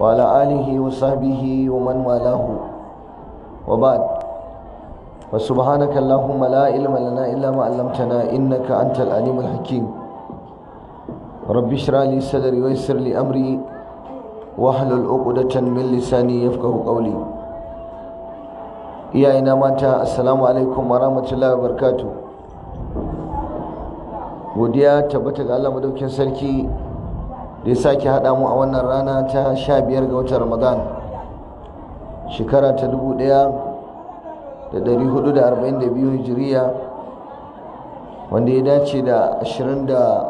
وعلى آله وصحبه ومن والاه وبعد فسبحانك اللهم لا علم لنا إلا ما علمتنا إنك أنت العليم الحكيم رب اشرح لي صدري ويسر لي أمري واحلل عقدة من لساني يفقه قولي iyayena mata assalamu alaikum warahmatullahi wabarakatuh godiya tabbata ga Allah madaukin sarki da ya sake haɗa mu a wannan rana ta sha biyar ga watan ramadan shekara ta dubu ɗaya da ɗari hudu da arba'in da biyu hijiriya wanda ya dace da ashirin da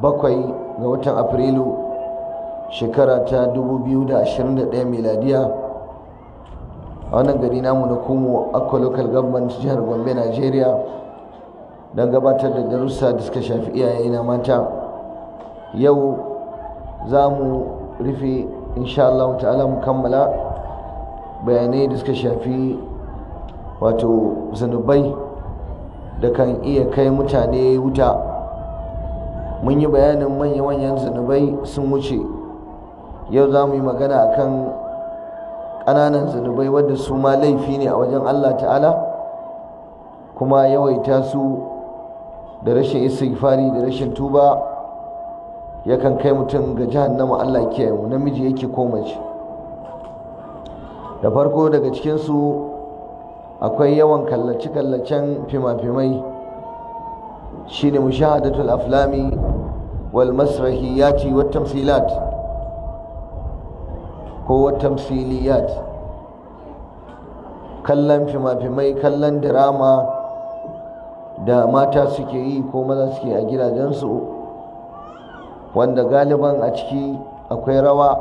bakwai ga watan afrilu shekara ta dubu biyu da ashirin da ɗaya miladiya a wannan gari namu na kumo akwa local government jihar gombe nigeria don gabatar da darussa da suka shafi iyaye na mata yau za mu rufe insha Allah ta'ala mu kammala bayanai da suka shafi wato zanubai da kan iya kai mutane wuta mun yi bayanin manya-manyan zanubai sun wuce yau za mu yi magana a kan ƙananan zanubai wadda su ma laifi ne a wajen Allah ta'ala kuma yawaita su da rashin isa da rashin tuba yakan kai mutum ga jahannama Allah ke mu namiji yake ko mace da farko daga cikinsu akwai yawan kallace kallacen fima-fimai shine mushahadatul aflami wal Masrahi ci wat tamthilat ko wat kallon fimafimai, kallon drama da mata suke yi ko maza suke a gidajensu wanda galiban a ciki akwai rawa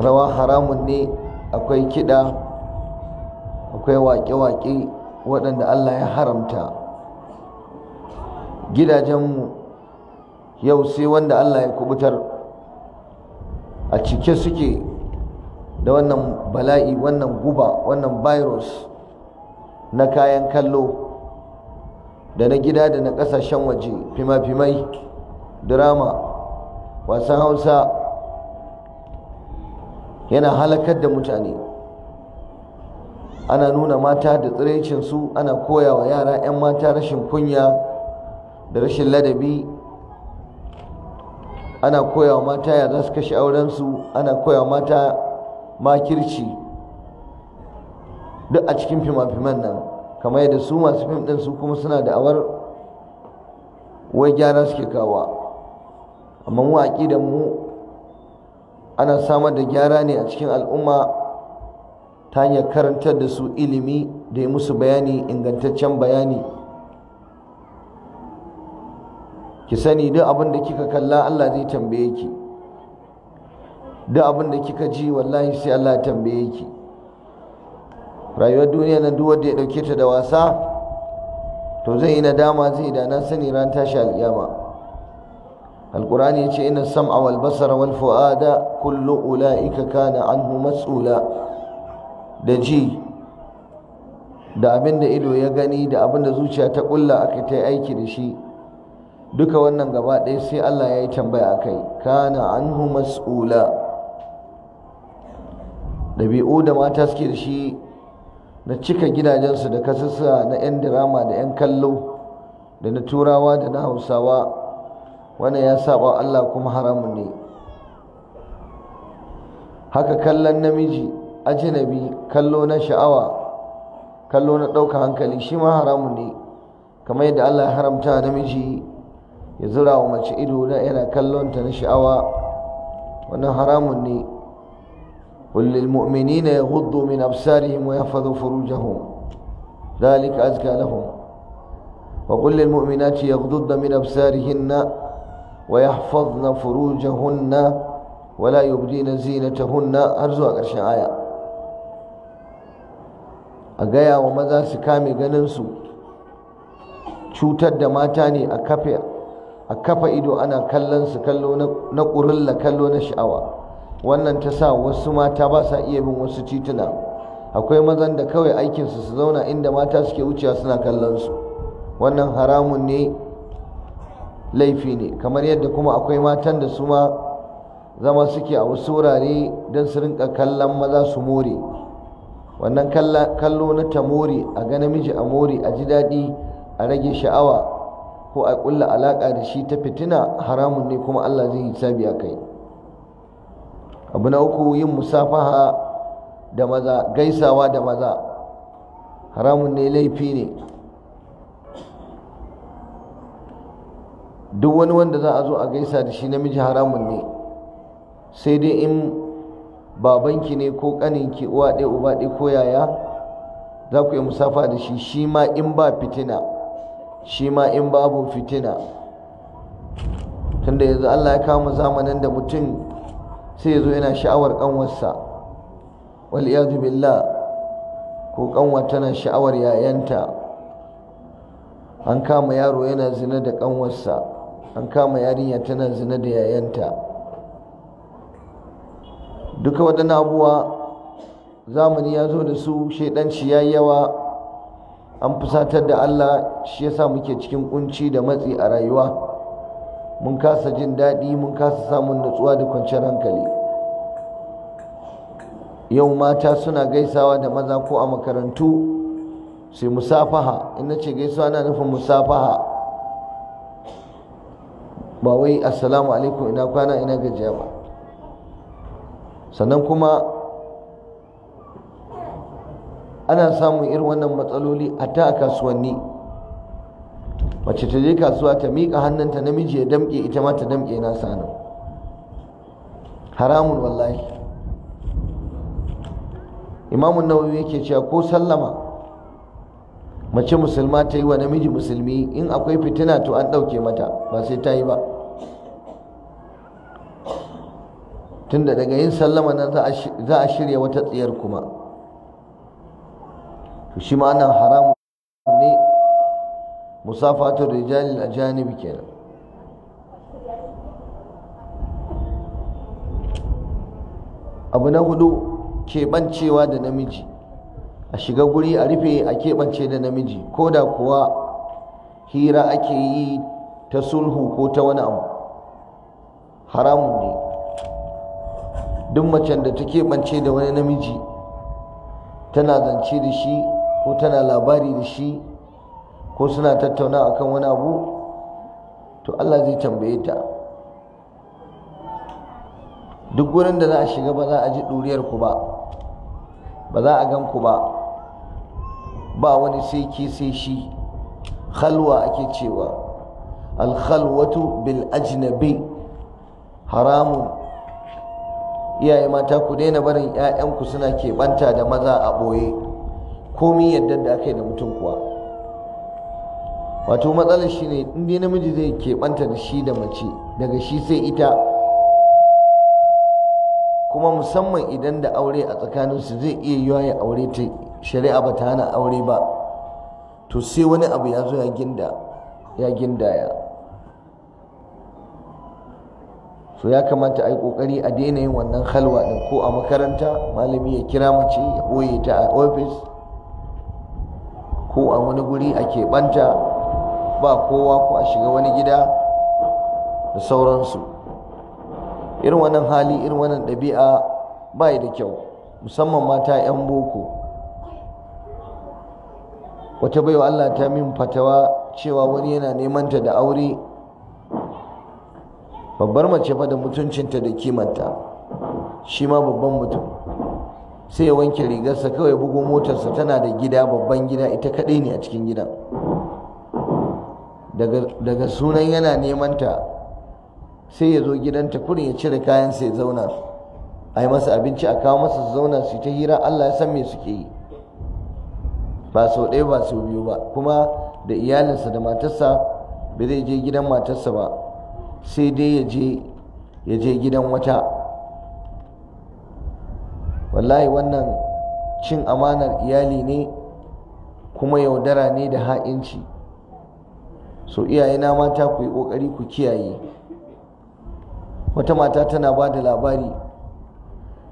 rawa haramun ne akwai kiɗa akwai waƙe-waƙe waɗanda Allah ya haramta gidajenmu yau sai wanda Allah ya kubutar a cike suke da wannan bala'i wannan guba wannan virus na kayan kallo da na gida da na ƙasashen waje fima-fimai drama wasan hausa yana halakar da mutane ana nuna mata da tsiraicinsu ana koya wa yara 'yan mata rashin kunya da rashin ladabi ana koya wa mata ya za su kashe aurensu ana koya wa mata makirci duk a cikin fimafiman nan kamar yadda su masu fim ɗinsu kuma suna da awar wai gyara suke kawa amma mu a mu ana samar da gyara ne a cikin al'umma ta hanyar karantar da su ilimi da yi musu bayani ingantaccen bayani ki sani duk abin da kika kalla Allah zai tambaye ki duk abin da kika ji wallahi sai Allah ya tambaye ki rayuwar duniya na duk wanda ya dauke ta da wasa to zai yi nadama zai da na sani ran tashi alƙiyama القرآن يجي إن السمع والبصر والفؤاد كل أولئك كان عنه مسؤولا دجي da abin da ido ya gani da abin da zuciya ta ƙulla aka ta aiki da shi duka wannan gaba ɗaya sai Allah ya yi tambaya a kai kana anhu mas'ula ɗabi'u da mata suke da shi na cika gidajensu da kasassa na 'yan dirama da 'yan kallo da na turawa da na hausawa wannan ya saba Allah kuma haramun ne haka kallon namiji ajinabi kallo na sha'awa kallo na ɗauka hankali shi ma haramun ne kamar yadda Allah ya haramta namiji ya zura wa mace ido na yana kallon ta na sha'awa wannan haramun ne وللمؤمنين يغضوا من أبصارهم ويحفظوا فروجهم ذلك أزكى لهم وقل للمؤمنات يغضضن من أبصارهن ويحفظن فروجهن ولا يبدين زينتهن أرزوا قرشن آية أجايا وماذا سكامي غننسو cutar da mata ne a kafa a kafa ido ana kallon su kallo na ƙurilla kallo na sha'awa wannan ta sa wasu mata ba sa iya bin wasu tituna akwai mazan da kawai aikinsu su zauna inda mata suke wucewa suna kallon su wannan haramun ne laifi ne kamar yadda kuma akwai matan da su ma zama suke a wasu wurare don su rinka kallon maza su more wannan kallo na ta more a ga namiji a more a ji daɗi a rage sha'awa ko a ƙulla alaƙa da shi ta fitina haramun ne kuma Allah zai yi sabi a kai abu na uku yin musafaha da maza gaisawa da maza haramun ne laifi ne duk wani wanda za a zo a gaisa da shi namiji haramun ne sai dai in babanki ne ko kaninki uwa ɗaya uba ɗaya ko yaya za ku yi musafa da shi shi ma in ba fitina shi ma in babu fitina tunda yanzu Allah ya kama zamanin da mutum sai ya zo yana sha'awar ƙanwarsa wal'iyadu billah ko ƙanwa tana sha'awar yayanta an kama yaro yana zina da kanwarsa. an kama yarinya tana zina da yayanta duka waɗannan abuwa zamani ya zo da su shaidanci ya yawa an fusatar da Allah shi yasa muke cikin kunci da matsi a rayuwa mun kasa jin daɗi mun kasa samun nutsuwa da kwanciyar hankali yau mata suna gaisawa da maza ko a makarantu sai musafaha ina ce gaisuwa na nufin musafaha ba wai assalamu alaikum ina kwana ina gajiya ba sannan kuma ana samun irin wannan matsaloli a ta kasuwanni mace ta je kasuwa ta miƙa hannunta namiji ya damƙe ita ma ta damƙe na nan haramun wallahi imamun nawawi yake cewa ko sallama mace musulma ta yi wa namiji musulmi in akwai fitina to an ɗauke mata ba sai ta yi ba tunda daga yin sallama nan za a shirya wata tsiyar kuma to shi ma nan haram ne musafatul rijal ajanibi kenan abu na hudu keɓancewa da namiji a shiga guri a rufe a keɓance da namiji ko da kuwa hira ake yi ta sulhu ko ta wani abu haramun ne duk macen da ta keɓance da wani namiji tana zance da shi ko tana labari da shi ko suna tattauna akan wani abu to Allah zai tambaye ta duk wurin da za a shiga ba za a ji ɗuriyar ku ba ba za a gan ku ba ba wani sai ke sai shi khalwa ake cewa al khalwatu bil ajnabi haramun iyaye mata ku daina barin 'ya'yanku suna keɓanta da maza a ɓoye komi yadda da aka yi da mutum kuwa wato matsalar shi ne inda namiji zai keɓanta da shi da mace daga shi sai ita kuma musamman idan da aure a tsakaninsu zai iya yiwa ya aure ta shari'a ba ta hana aure ba to sai wani abu ya zo ya ginda ya gindaya To ya kamata a yi kokari a daina yin wannan halwa din ko a makaranta malami ya kira mace ya ɓoye ta a ofis ko a wani guri a keɓanta ba kowa ko a shiga wani gida da sauransu irin wannan hali irin wannan ɗabi'a ba da kyau musamman mata 'yan boko wata baiwa allah ta min fatawa cewa wani yana neman ta da aure babbar mace fa da mutuncinta da kimanta shi ma babban mutum sai ya wanke rigarsa kawai bugu motarsa tana da gida babban gida ita kaɗai ne a cikin gidan daga sunan yana neman ta sai ya zo gidanta kurin ya cire kayan sai zauna a yi masa abinci a kawo masa zauna su ta hira Allah ya san me suke yi ba sau ɗaya ba sau biyu ba kuma da iyalinsa da matarsa ba zai je gidan matarsa ba sai dai ya je gidan wata wallahi wannan cin amanar iyali ne kuma yaudara ne da ha'inci so iyayena mata ku yi ƙoƙari ku kiyaye wata mata tana ba da labari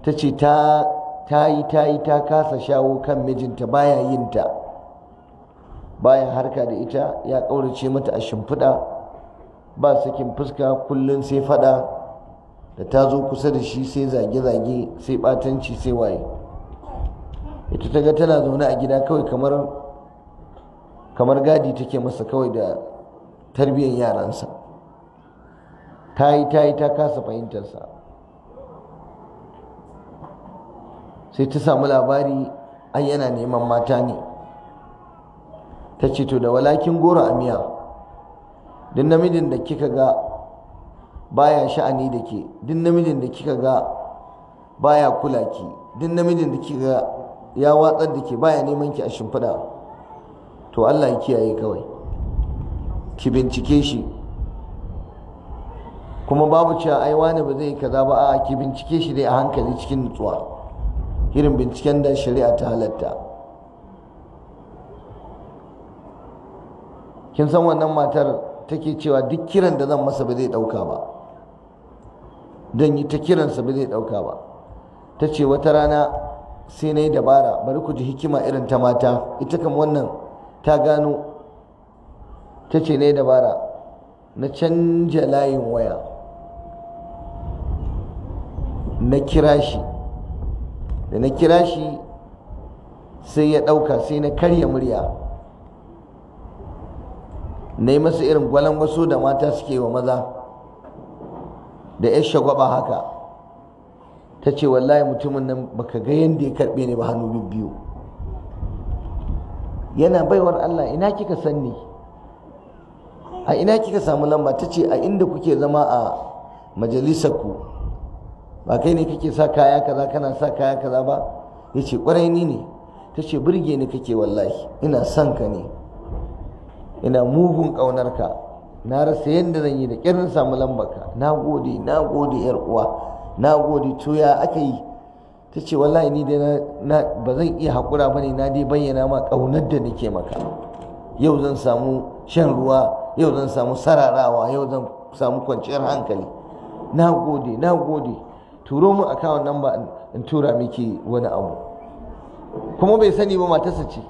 ta ce ta yi ta yi ta kasa shawo kan mijinta baya yinta baya harka da ita ya ƙaurace mata a shimfiɗa ba sakin fuska kullum sai fada da ta zo kusa da shi sai zage-zage sai batanci sai waye ita ta ga tana zaune a gida kawai kamar kamar gadi take masa kawai da tarbiyyar yaransa ta yi ta yi ta kasa fahimtarsa sai ta samu labari an yana neman mata ne ta ce to da walakin goro a miya duk namijin da kika ga baya sha'ani da ke duk namijin da kika ga baya kula ki duk namijin da kika ga ya watsar da ke baya neman ki a shimfiɗa to Allah ya kiyaye kawai ki bincike shi kuma babu cewa ai wani ba zai yi kaza ba a ki bincike shi dai a hankali cikin nutsuwa irin binciken da shari'a ta halatta kin san wannan matar take cewa duk kiran da zan masa ba zai ɗauka ba don yi ta kiransa ba zai ɗauka ba ta ce wata rana sai na yi dabara bari ku ji hikima irin ta mata ita kan wannan ta gano ta ce na yi dabara na canja layin waya na kira shi da na kira shi sai ya ɗauka sai na karya murya na yi masu irin gwalan wasu da mata suke wa maza da ya shagwaba haka ta ce wallahi mutumin nan baka ga yadda ya karɓe ne ba hannu biyu yana baiwar Allah ina kika sanni a ina kika samu lamba ta ce a inda kuke zama a majalisarku? ba kai ne kake sa kaya kaza kana sa kaya kaza ba ya ce ƙwarai ni ne ta ce birge ni kake wallahi ina son ka ne ina mugun ka na rasa yadda zan yi da kyar samu lambarka na gode na gode yar uwa na gode to ya aka yi ta ce wallahi ni dai na ba zan iya haƙura ba ne na dai bayyana ma ƙaunar da nake maka yau zan samu shan ruwa yau zan samu sararawa yau zan samu kwanciyar hankali na gode na gode turo mu akawun nan ba in tura miki wani abu kuma bai sani ba matarsa ce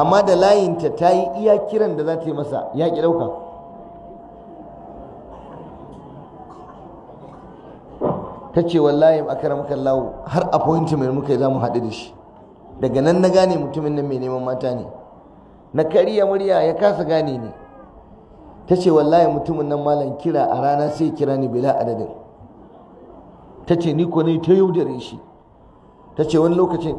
amma da layinta ta yi iya kiran da za ta yi masa ya ki ɗauka ta ce wallahi a karamukan lawo har mai muka yi za mu haɗu da shi daga nan na gane mutumin nan mai neman mata ne na kariya murya ya kasa gane ne ta ce wallahi mutumin nan malam kira a rana sai kira ni bila adadin ta ce ni ko ne ta yaudare shi ta ce wani lokacin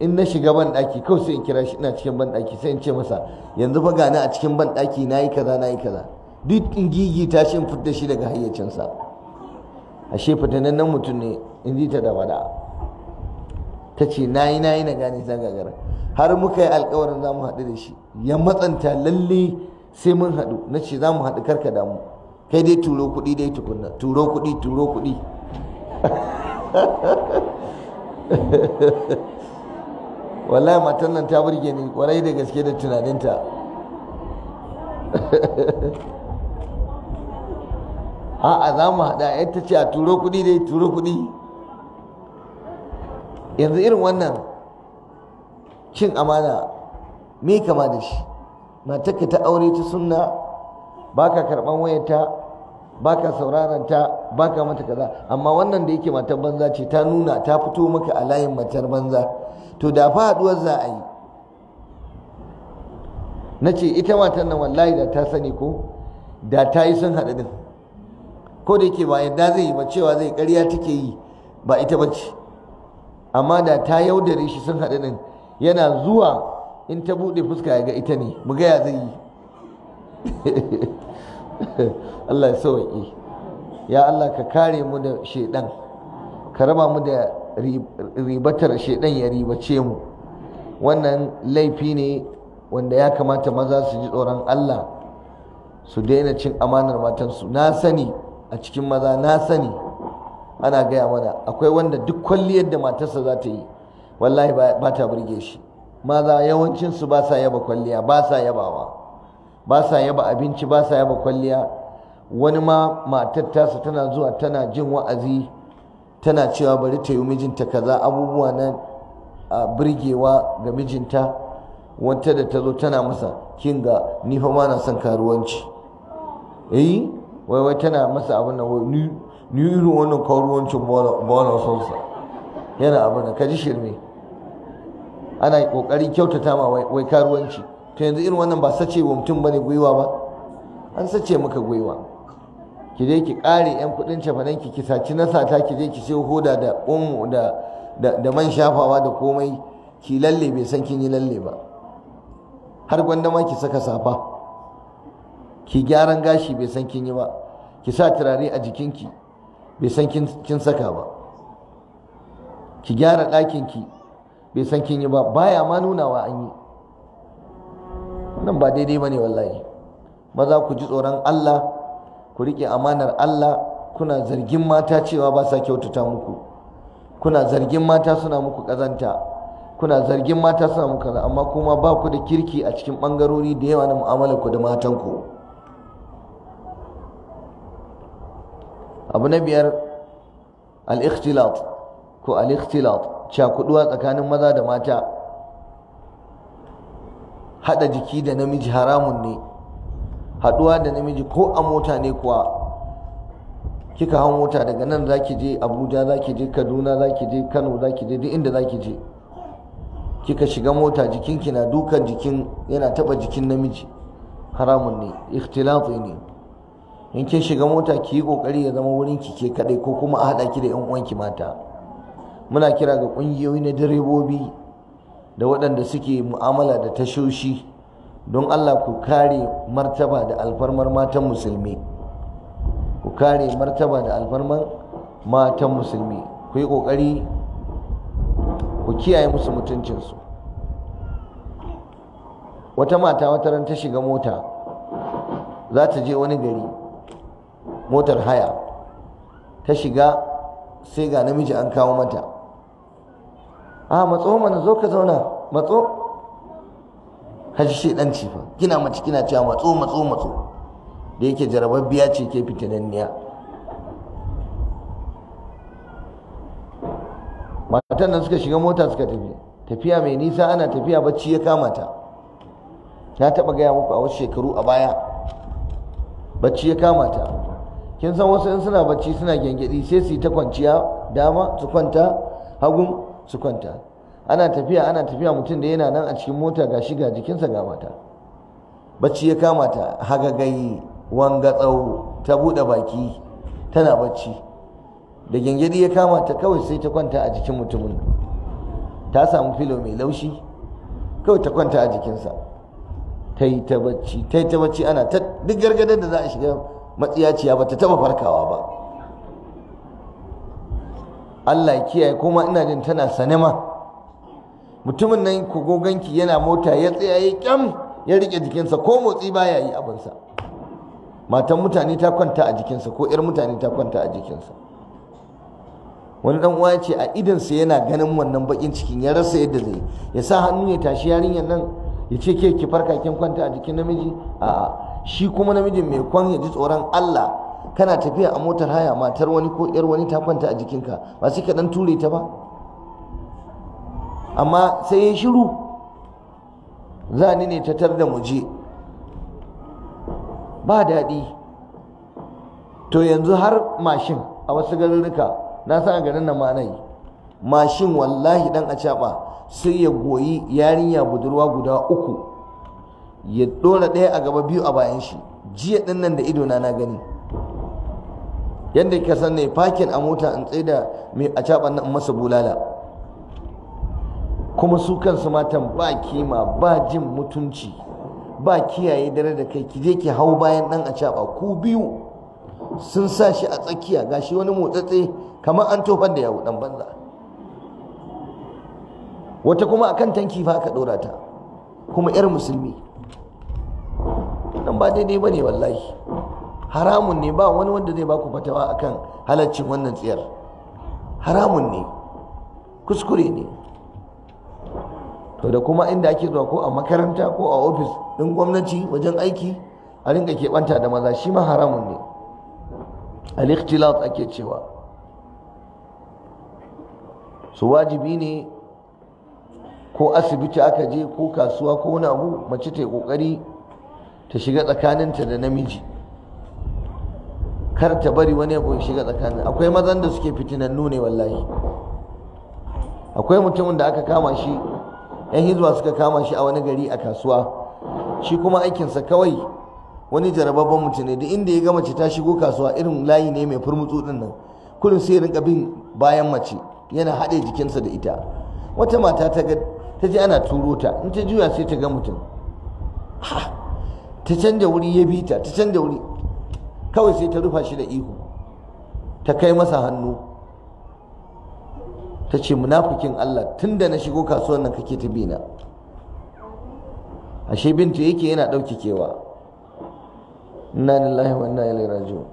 in na shiga ban ɗaki kawai sai in kira shi ina cikin ban ɗaki sai in ce masa yanzu fa gani a cikin ban ɗaki na yi kaza na yi kaza duk in gigi ta shi in fitar shi daga hayyacinsa ashe nan mutum ne in ji ta da wada ta ce na yi na yi na gane har muka yi alkawarin za mu haɗu da shi ya matsanta lalle sai mun haɗu na ce za mu haɗu karka damu kai dai turo kuɗi dai tukunna turo kuɗi turo kuɗi wallahi matan nan ta burge ni kwarai da gaske da tunaninta a'a za mu haɗa yar ta ce a turo kuɗi dai turo kuɗi yanzu irin wannan cin amana me kama da shi matarka ta aure ta sunna ka karɓar wayarta ka saurananta, ta ka mata kaza amma wannan da yake matar banza ce ta nuna ta fito maka a layin matar banza to da fa haduwar za a yi na ce ita matan nan wallahi da ta sani ko da ta yi sun haɗu din ko da yake ba yadda zai yi ba cewa zai ƙarya take yi ba ita bace amma da ta yaudare shi sun haɗu din yana zuwa in ta buɗe fuska ya ga ita ne mu gaya zai yi Allah ya sauƙi ya Allah ka kare mu da shaidan ka raba mu da ribatar ɗan ya ribace mu wannan laifi ne wanda ya kamata maza su ji tsoron Allah su daina cin amanar matansu na sani a cikin maza na sani ana gaya mana akwai wanda duk kwalliyar da matarsa za ta yi wallahi ba ta burge shi maza yawancinsu ba sa yaba kwalliya ba sa yabawa ba sa yaba abinci ba sa yaba kwalliya wani ma matar tasa tana zuwa tana jin wa'azi tana cewa bari ta yi mijinta kaza abubuwa na birgewa ga mijinta wata da ta zo tana masa kin ga ni fa ma na son karuwanci eh wai wai tana masa abin nan ni ni irin wannan karuwancin bola sonsa yana abin nan kaji shirme ana kokarin kyautata ma wai karuwanci Ta yanzu irin wannan ba sace wa mutum bane gwiwa ba an sace maka gwiwa ki je ki ƙare yan kuɗin cefanen ki saci na sata ki je ki ce hoda da umu da man shafawa da komai ki lalle bai san kin yi lalle ba har gwanda ma ki saka safa ki gyaran gashi bai san kin yi ba ki sa turare a jikinki bai san kin saka ba ki gyara ɗakinki bai san kin yi ba baya ma nunawa an yi wannan ba daidai ba ne wallahi maza ku ji tsoron Allah ku riƙe amanar Allah kuna zargin mata cewa ba sa kyautata muku kuna zargin mata suna muku ƙazanta kuna zargin mata suna muku kaza amma kuma ba ku da kirki a cikin ɓangarori da yawa na mu'amalar ku da matanku ku abu na biyar al-ikhtilat ko al-ikhtilat cakuduwa tsakanin maza da mata hada jiki da namiji haramun ne Haduwa da namiji ko a mota ne kuwa kika hau mota daga nan za ki je abuja za ki je kaduna za ki je kano za ki je duk inda za ki je kika shiga mota jikinki na dukan jikin yana taɓa jikin namiji haramun ne ikhtilafu ne in kin shiga mota ki yi kokari ya zama wurin ki ke kadai ko kuma a hada ki da yan uwanki mata muna kira ga kungiyoyi na direbobi da waɗanda suke mu'amala da tashoshi don Allah ku kare martaba da alfarmar matan musulmi ku kare martaba da alfarmar matan musulmi ku yi ƙoƙari ku kiyaye musu mutuncinsu wata mata wata ran ta shiga mota za ta je wani gari motar haya ta shiga sai ga namiji an kawo mata a ah, matso mana zo ka zauna matso har dan fa kina mace kina cewa matso matso matso da yake jarababbiya ce ke fitinanniya matan nan suka shiga mota suka tafi tafiya mai nisa ana tafiya bacci ya kama ta na taba gaya muku a wasu shekaru a baya bacci ya kama ta kin san wasu in suna bacci suna gyangyaɗi sai su yi ta kwanciya dama su kwanta hagun su kwanta ana tafiya ana tafiya mutum da yana nan a cikin mota ga shi ga jikinsa ga mata bacci ya kama ta hagagai wanga tsawo ta buɗe baki tana bacci da gyangyaɗi ya kama ta kawai sai ta kwanta a jikin mutumin ta samu filo mai laushi kawai ta kwanta a jikinsa ta yi ta bacci ta yi ta bacci ana ta duk gargadar da za a shiga matsiyaciya ba ta taɓa farkawa ba Allah ya kiyaye kuma ina jin tana sanema mutumin nan kogoganki yana mota ya tsaya ya kyam ya rike jikinsa ko motsi baya yi abinsa matan mutane ta kwanta a jikinsa ko 'yar mutane ta kwanta a jikinsa wani dan uwa ce a idansa yana ganin wannan bakin cikin ya rasa yadda zai ya sa hannu ya tashi yarinyar nan ya ce ke ki farka kin kwanta a jikin namiji a shi kuma namiji mai kwan ya ji tsoron Allah kana tafiya a motar haya matar wani ko 'yar wani ta kwanta a jikinka ba sai ka dan ture ta ba amma sai ya shiru za ni ne tatar da muje ba daɗi to yanzu har mashin a wasu garuruka na san a garin nan ma mashin wallahi dan a sai ya goyi yarinya budurwa guda uku ya ɗora ɗaya a gaba biyu a bayan shi jiya ɗin nan da ido na na gani yadda ka san ne fakin a mota in tsaye da mai a caɓan nan masa bulala kuma su kansu matan ba kima ba jin mutunci ba kiyaye dare da kai ki je ki hau bayan dan acaba ku biyu sun sa shi a tsakiya gashi wani motsatse kamar an tofar da yawo dan banza wata kuma akan tanki fa aka dora ta kuma yar musulmi nan ba daidai bane wallahi haramun ne ba wani wanda zai baku fatawa akan halaccin wannan tsiyar haramun ne kuskure ne to da kuma inda ake zuwa ko a makaranta ko a ofis ɗin gwamnati wajen aiki a rinka keɓanta da maza shi ma haramun ne al-ikhtilat ake cewa su wajibi ne ko asibiti aka je ko kasuwa ko wani abu mace ta yi kokari ta shiga tsakaninta da namiji kar ta bari wani abu ya shiga tsakanin akwai mazan da suke fitinannu ne wallahi akwai mutumin da aka kama shi yan hizba suka kama shi a wani gari a kasuwa shi kuma aikinsa kawai wani jarababban mutum ne Da inda ya ga mace ta shigo kasuwa irin layi ne mai furmutsu din nan kullum sai rinka bin bayan mace yana haɗe jikinsa da ita wata mata ta ga ta ji ana turo ta in ta juya sai ta ga mutum ta canja wuri ya bi ta ta canja wuri kawai sai ta rufa shi da ihu ta kai masa hannu ta ce munafikin Allah tun da na shigo kasuwan nan kake ta bina ashe bintu yake yana ɗauki kewa inna lillahi wa inna ilaihi raji'un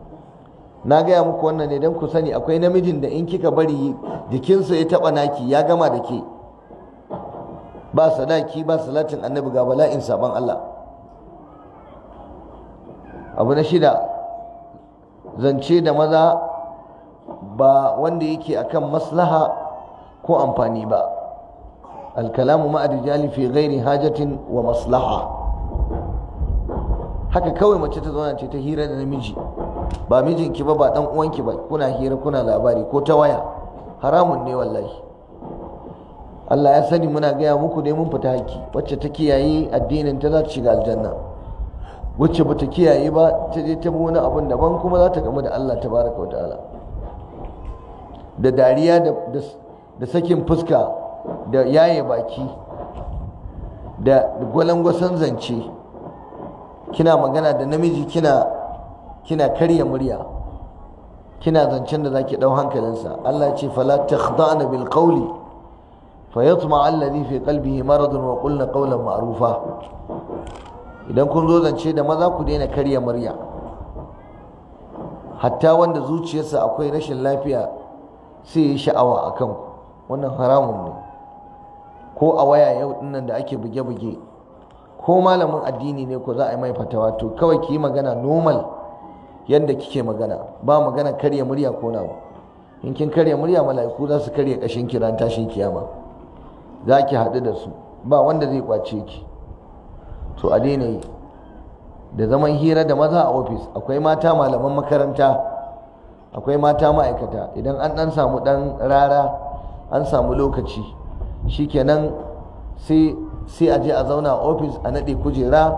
na gaya muku wannan ne don ku sani akwai namijin da in kika bari jikinsa ya taɓa naki ya gama da ke ba sadaki ba salatin annabi ga bala'in sabon Allah abu na shida zance da maza ba wanda yake akan maslaha ko amfani ba alkalamu ma rijali fi ghairi hajatin wa maslaha haka kawai mace ta zauna ce ta hira da namiji ba mijinki ba ba dan uwanki ba kuna hira kuna labari ko ta waya haramun ne wallahi Allah ya sani muna gaya muku ne mun fita haki wacce ta kiyaye addinin ta za ta shiga aljanna wacce bata kiyaye ba ta je ta wani abin daban kuma za ta gamu da Allah tabaraka wa ta'ala da dariya da sakin fuska da yaye baki da gwalangwasan zance kina magana da namiji kina kina karya murya kina zancen da zaki dau hankalinsa Allah ce fala takhda'na bil qawli fayatma alladhi fi qalbihi maradun wa qulna qawlan ma'rufa idan kun zo zance da maza ku daina karya murya hatta wanda zuciyarsa akwai rashin lafiya sai yi sha'awa a kanku wannan haramun ne ko a waya yau dinnan da ake buge-buge ko malamin addini ne ko za a yi mai fatawa to kawai ki yi magana normal yadda kike magana ba magana karya murya ko na. in kin karya murya mala'iku za su karya kashin ran tashin kiyama za ki haɗu da su ba wanda zai kwace ki to a daina yi da zaman hira da maza a ofis akwai mata malaman makaranta akwai mata ma'aikata idan an ɗan samu ɗan rara an samu lokaci shi kenan sai a je a zauna a ofis a naɗe kujera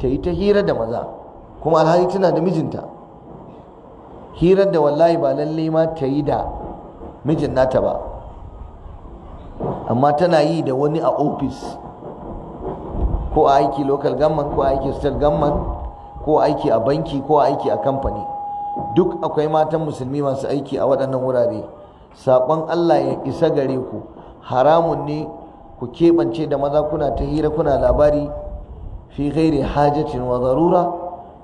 ta yi ta hira da maza kuma alhali tana da mijinta Hira da wallahi ba lallai ma ta yi da mijin nata ba amma tana yi da wani a ofis ko a aiki local gamman ko a aiki state gamman ko a aiki a banki ko a aiki a kamfani duk akwai matan musulmi masu aiki a waɗannan wurare saƙon Allah ya isa gare ku haramun ne ku keɓance da maza kuna ta hira kuna labari fi gairi hajjacin wa zarura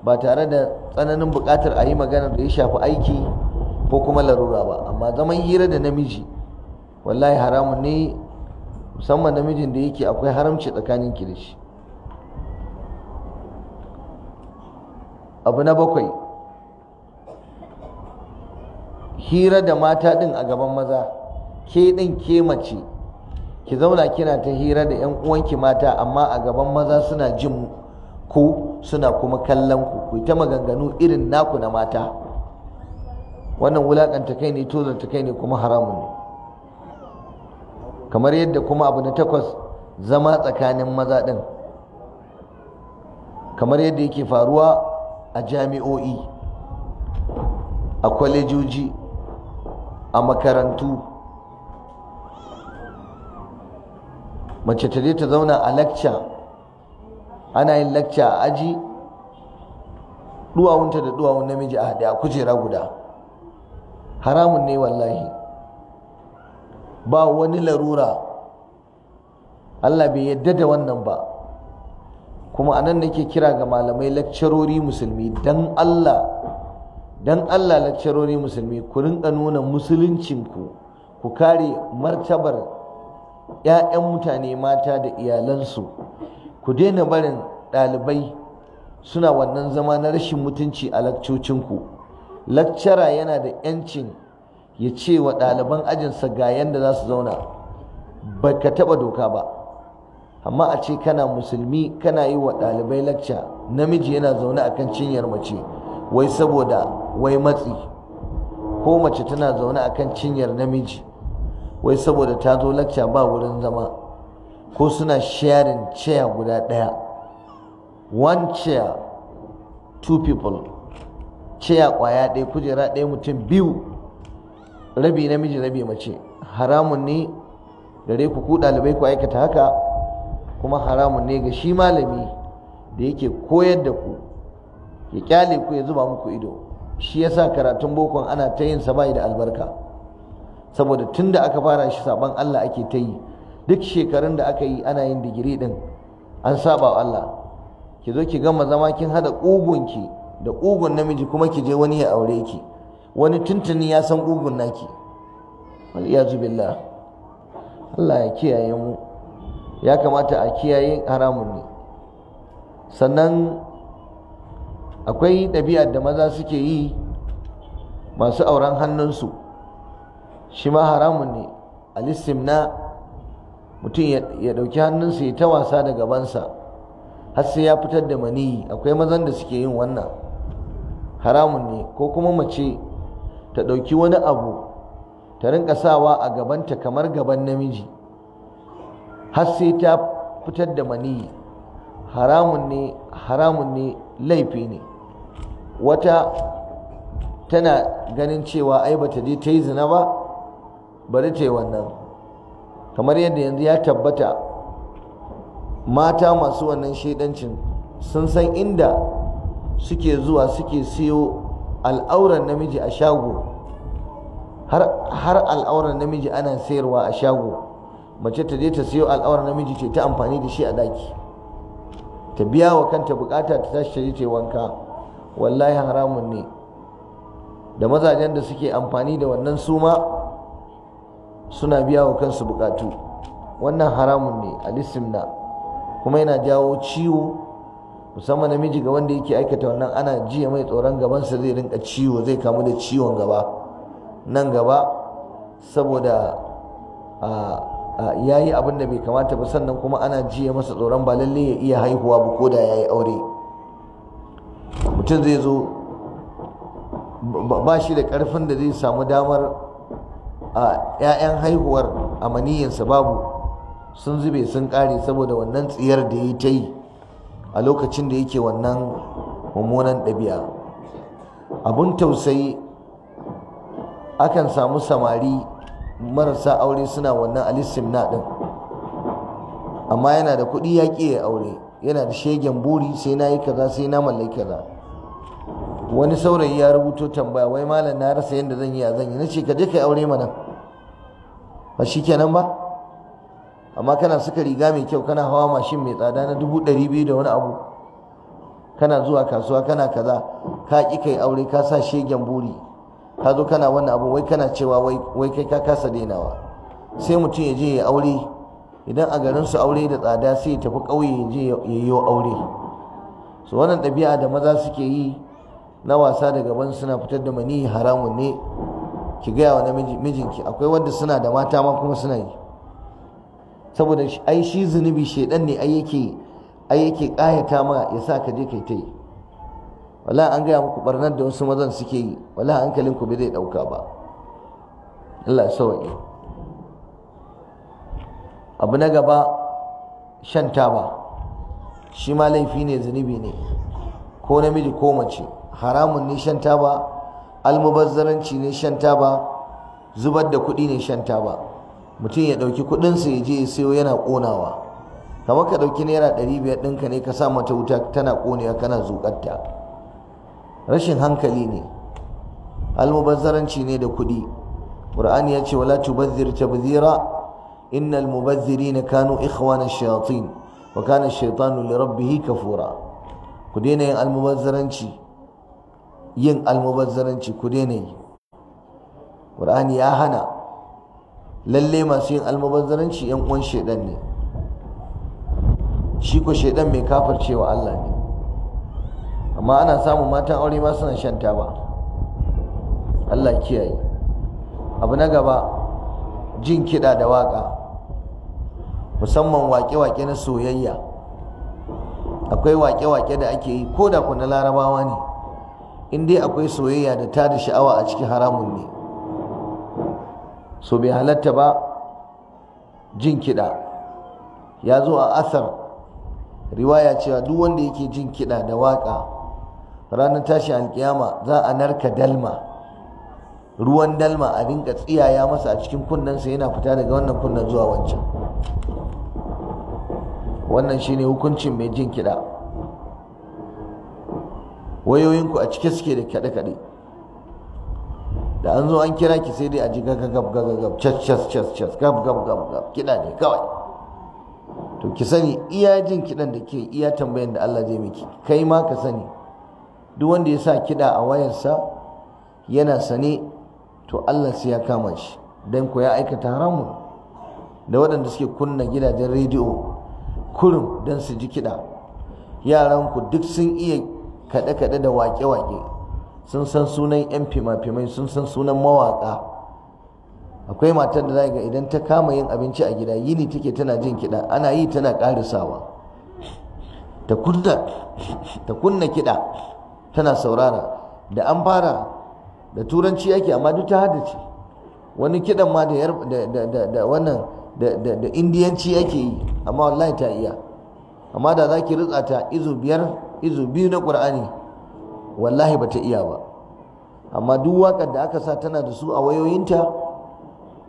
ba tare da tsananin buƙatar a yi magana da ya shafi aiki ko kuma larura ba amma zaman hira da namiji wallahi haramun ne musamman namijin da yake akwai haramci tsakanin ki abu na bakwai hira da mata din a gaban maza ke din ke mace ki zauna kina ta hira da yan uwanki mata amma a gaban maza suna jin ku suna kuma kallon ku ku ta maganganu irin naku na mata wannan wulakanta kai ne ta kai ne kuma haramun ne kamar yadda kuma abu na takwas zama tsakanin maza din kamar yadda yake faruwa a jami'o'i a kwalejoji a makarantu mace ta je ta zauna a lakca ana yin lakca a aji duwawunta da duwawun namiji a haɗe a kujera guda haramun ne wallahi ba wani larura Allah bai yadda da wannan ba kuma anan nake kira ga malamai lakcarori musulmi don Allah dan Allah lakcarori musulmi ku rinka nuna musuluncinku ku kare martabar 'ya'yan mutane mata da iyalansu ku daina barin ɗalibai suna wannan zama na rashin mutunci a lakcocinku lakcara yana da 'yancin ya ce wa ɗaliban ajinsa ga yadda za su zauna ba ka taɓa doka ba amma a ce kana musulmi kana yi wa ɗalibai lakca namiji yana zaune a kan cinyar mace wai saboda wai matsi ko mace tana zaune a kan cinyar namiji wai saboda ta zo lacca ba wurin zama ko suna sharing chair guda ɗaya one chair two people chair kwaya ɗaya kujera ɗaya mutum biyu rabi namiji rabi mace haramun ne gare ku ku ɗalibai ku aikata haka kuma haramun ne ga shi malami da yake koyar da ku ya kyale ku ya zuba muku ido shi ya sa karatun bokon ana ta yin sa bai da albarka saboda tun da aka fara shi saban Allah ake ta yi duk shekarun da aka yi ana yin digiri din an saba wa Allah ki zo ki gama zama kin hada ƙugunki da ƙugun namiji kuma ki je wani ya aure ki wani tuntuni ya san ƙugun naki waliyazu billah Allah ya kiyaye mu ya kamata a kiyaye haramun ne sannan akwai ɗabi'ar da maza suke yi masu auren hannunsu shi ma haramun ne na mutum ya ɗauki hannunsa ya ta wasa da gabansa har sai ya fitar da maniyi akwai mazan da suke yin wannan haramun ne ko kuma mace ta ɗauki wani abu ta rinka sawa a gabanta kamar gaban namiji har sai ta fitar da maniyi haramun ne haramun ne laifi ne wata tana ganin cewa ai bata je ta yi zina ba bari ta yi wannan kamar yadda yanzu ya tabbata mata masu wannan shaidancin sun san inda suke zuwa suke siyo al'auran namiji a shago har al'auran namiji ana sayarwa a shago mace ta je ta siyo al'auran namiji ce ta amfani da shi a daki ta biya wa kanta bukata ta tashi ta je ta yi wanka wallahi haramun ne da mazajen da suke amfani da wannan suma suna biya wa kansu bukatu wannan haramun ne lissimna kuma yana jawo ciwo musamman namiji ga wanda yake aikata wannan ana jiya mai tsoron gabansa zai rinka ciwo zai kamu da ciwon gaba nan gaba saboda ya yi abin da bai kamata ba sannan kuma ana jiya masa tsoron ba lalle ya iya haihuwa ba ko da ya yi aure mutum zai zo ba shi da ƙarfin da zai samu damar a 'ya'yan haihuwar a babu sun zube sun ƙare saboda wannan tsiyar da ya ta yi a lokacin da yake wannan mummunan ɗabi'a abun tausayi akan samu samari marasa aure suna wannan na ɗin amma yana da kuɗi ya ƙi ya aure yana da shegen buri sai na yi kaza sai na mallaki kaza wani saurayi ya rubuto tambaya wai malam na rasa yadda zan yi a zan yi na ce ka je ka aure mana ba shi kenan ba amma kana suka riga mai kyau kana hawa mashin mai tsada na dubu ɗari biyu da wani abu kana zuwa kasuwa kana kaza ka ƙi kai aure ka sa shegen buri ka zo kana wannan abu wai kana cewa wai kai ka kasa dainawa sai mutum ya je ya aure idan a garin su aure da tsada sai ya tafi ƙauye ya je ya yi aure Su wannan ɗabi'a da maza suke yi na wasa da gaban suna fitar da mani haramun ne ki gaya wa mijinki akwai wadda suna da mata ma kuma suna yi saboda ai shi zunubi shedan ne ai yake ai yake kayata ma ya sa ka je kai ta yi wala an gaya muku barnar da wasu mazan suke yi wala hankalin ku bai zai dauka ba Allah ya abu na gaba shan taba shi ma laifi ne zunubi ne ko namiji ko mace haramun ne shan taba almubazzaranci ne shan taba zubar da kuɗi ne shan taba mutum ya ɗauki kuɗinsa ya je ya sayo yana ƙonawa kamar ka ɗauki naira ɗari biyar ɗinka ne ka sa mata wuta tana ƙonewa kana zuƙarta rashin hankali ne almubazzaranci ne da kuɗi ƙur'ani ya ce wala tubazzir tabzira na المبذرين كانوا إخوان الشياطين rabbihi kafura Ku daina yin almubazzaranci. yin almubazzaranci ku daina yi ƙur'ani ya hana lalle masu yin almubazzaranci yan uwan shaidan ne shi ko shaidan mai cewa Allah ne amma ana samun matan aure ma suna shan taba Allah kiyaye abu na gaba jin kiɗa da waƙa musamman waƙe-waƙe na soyayya akwai waƙe-waƙe da ake yi ko da ku na larabawa ne in dai akwai soyayya da tada sha'awa a cikin haramun ne so bai halatta ba jin kiɗa ya zo a asar riwaya cewa duk wanda yake jin kiɗa da waƙa ranar tashi alkiyama za a narka dalma ruwan dalma a rinka tsiyaya masa a cikin kunnensa yana fita daga wannan kunnen zuwa wancan wannan shine hukuncin mai jin kiɗa wayoyinku a cike suke da kaɗe-kaɗe da an zo an kira ki sai dai a ji gagagab gagagab cas cas cas cas gab gab gab gab kiɗa ne kawai to ki sani iya jin kiɗan da ke iya tambayan da Allah zai miki kai ma ka sani duk wanda ya sa kiɗa a wayarsa yana sane to Allah sai ya kama shi dan ko ya aikata haramun da waɗanda suke kunna gidajen rediyo kurum dan su ji kiɗa yaranku duk sun iya kaɗe-kaɗe da waƙe-waƙe sun san sunan 'yan fima-fimai sun san sunan mawaƙa akwai matar da za ga idan ta kama yin abinci a gida yini take tana jin kiɗa ana yi tana ƙarisawa ta kunna kiɗa tana saurara da an fara da turanci yake amma duk ta hada ce. wani kiɗan ma da wannan da indiyanci ake yi amma wallahi ta iya amma da za ki rutsa ta izu biyar izu biyu na ƙur'ani, wallahi ba ta iya ba amma duk waƙar da aka sa tana da su a wayoyinta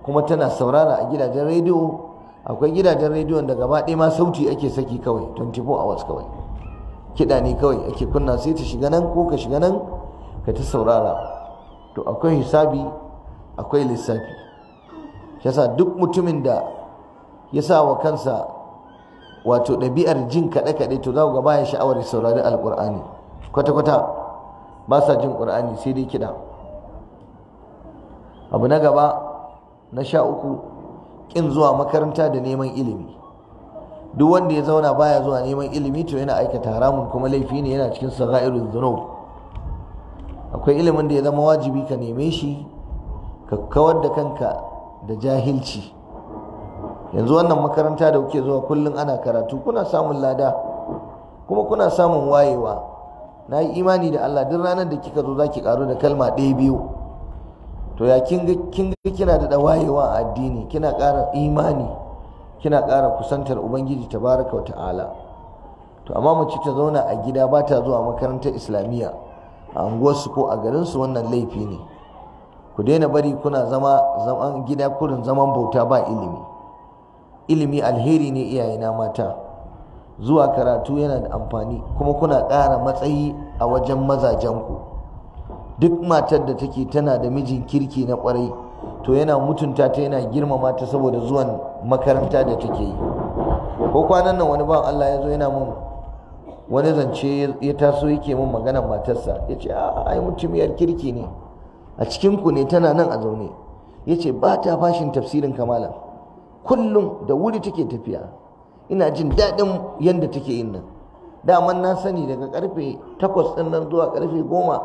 kuma tana saurara a gidajen rediyo akwai gidajen rediyon da gaba ɗaya ma sauti ake saki kawai 24 hours kawai kiɗa ne kawai ake kunna sai ta shiga nan ko ka shiga nan ka ta saurara to akwai hisabi akwai lissafi yasa duk mutumin da ya sa wa kansa wato ɗabi'ar jin kaɗe-kaɗe to za ku gaba ya sha'awar saurari alƙur'ani kwata-kwata ba sa jin ƙur'ani sai dai kiɗa abu na gaba na sha uku ƙin zuwa makaranta da neman ilimi duk wanda ya zauna baya zuwa neman ilimi to yana aikata haramun kuma laifi ne yana cikin saga'irul zunub. akwai ilimin da ya zama wajibi ka neme shi ka kawar da kanka da jahilci yanzu wannan makaranta da kuke zuwa kullum ana karatu kuna samun lada kuma kuna samun wayewa na yi imani da Allah duk ranar da kika zo zaki karu da kalma ɗaya biyu to ya kin ga kina da wayewa a addini kina ƙara imani kina ƙara kusantar ubangiji tabaraka wa ta'ala to amma mace ta zauna a gida ba ta zuwa makarantar islamiyya a unguwarsu ko a garinsu wannan laifi ne ku daina bari kuna zama zaman gida kurin zaman bauta ba ilimi ilimi alheri ne iyayena mata zuwa karatu yana da amfani kuma kuna ƙara matsayi a wajen mazajenku duk matar da take tana da mijin kirki na kwarai, to yana mutunta ta yana girmama ta saboda zuwan makaranta da take yi ko kwanan nan wani bawan Allah ya zo yana mun wani zance ya taso yake mun magana matarsa ya ce ai mutumiyar kirki ne a cikinku ne tana nan a zaune ya ce ba ta fashin tafsirin kamala kullum da wuri take tafiya ina jin daɗin yadda take yin nan daman na sani daga karfe takwas ɗin nan zuwa karfe goma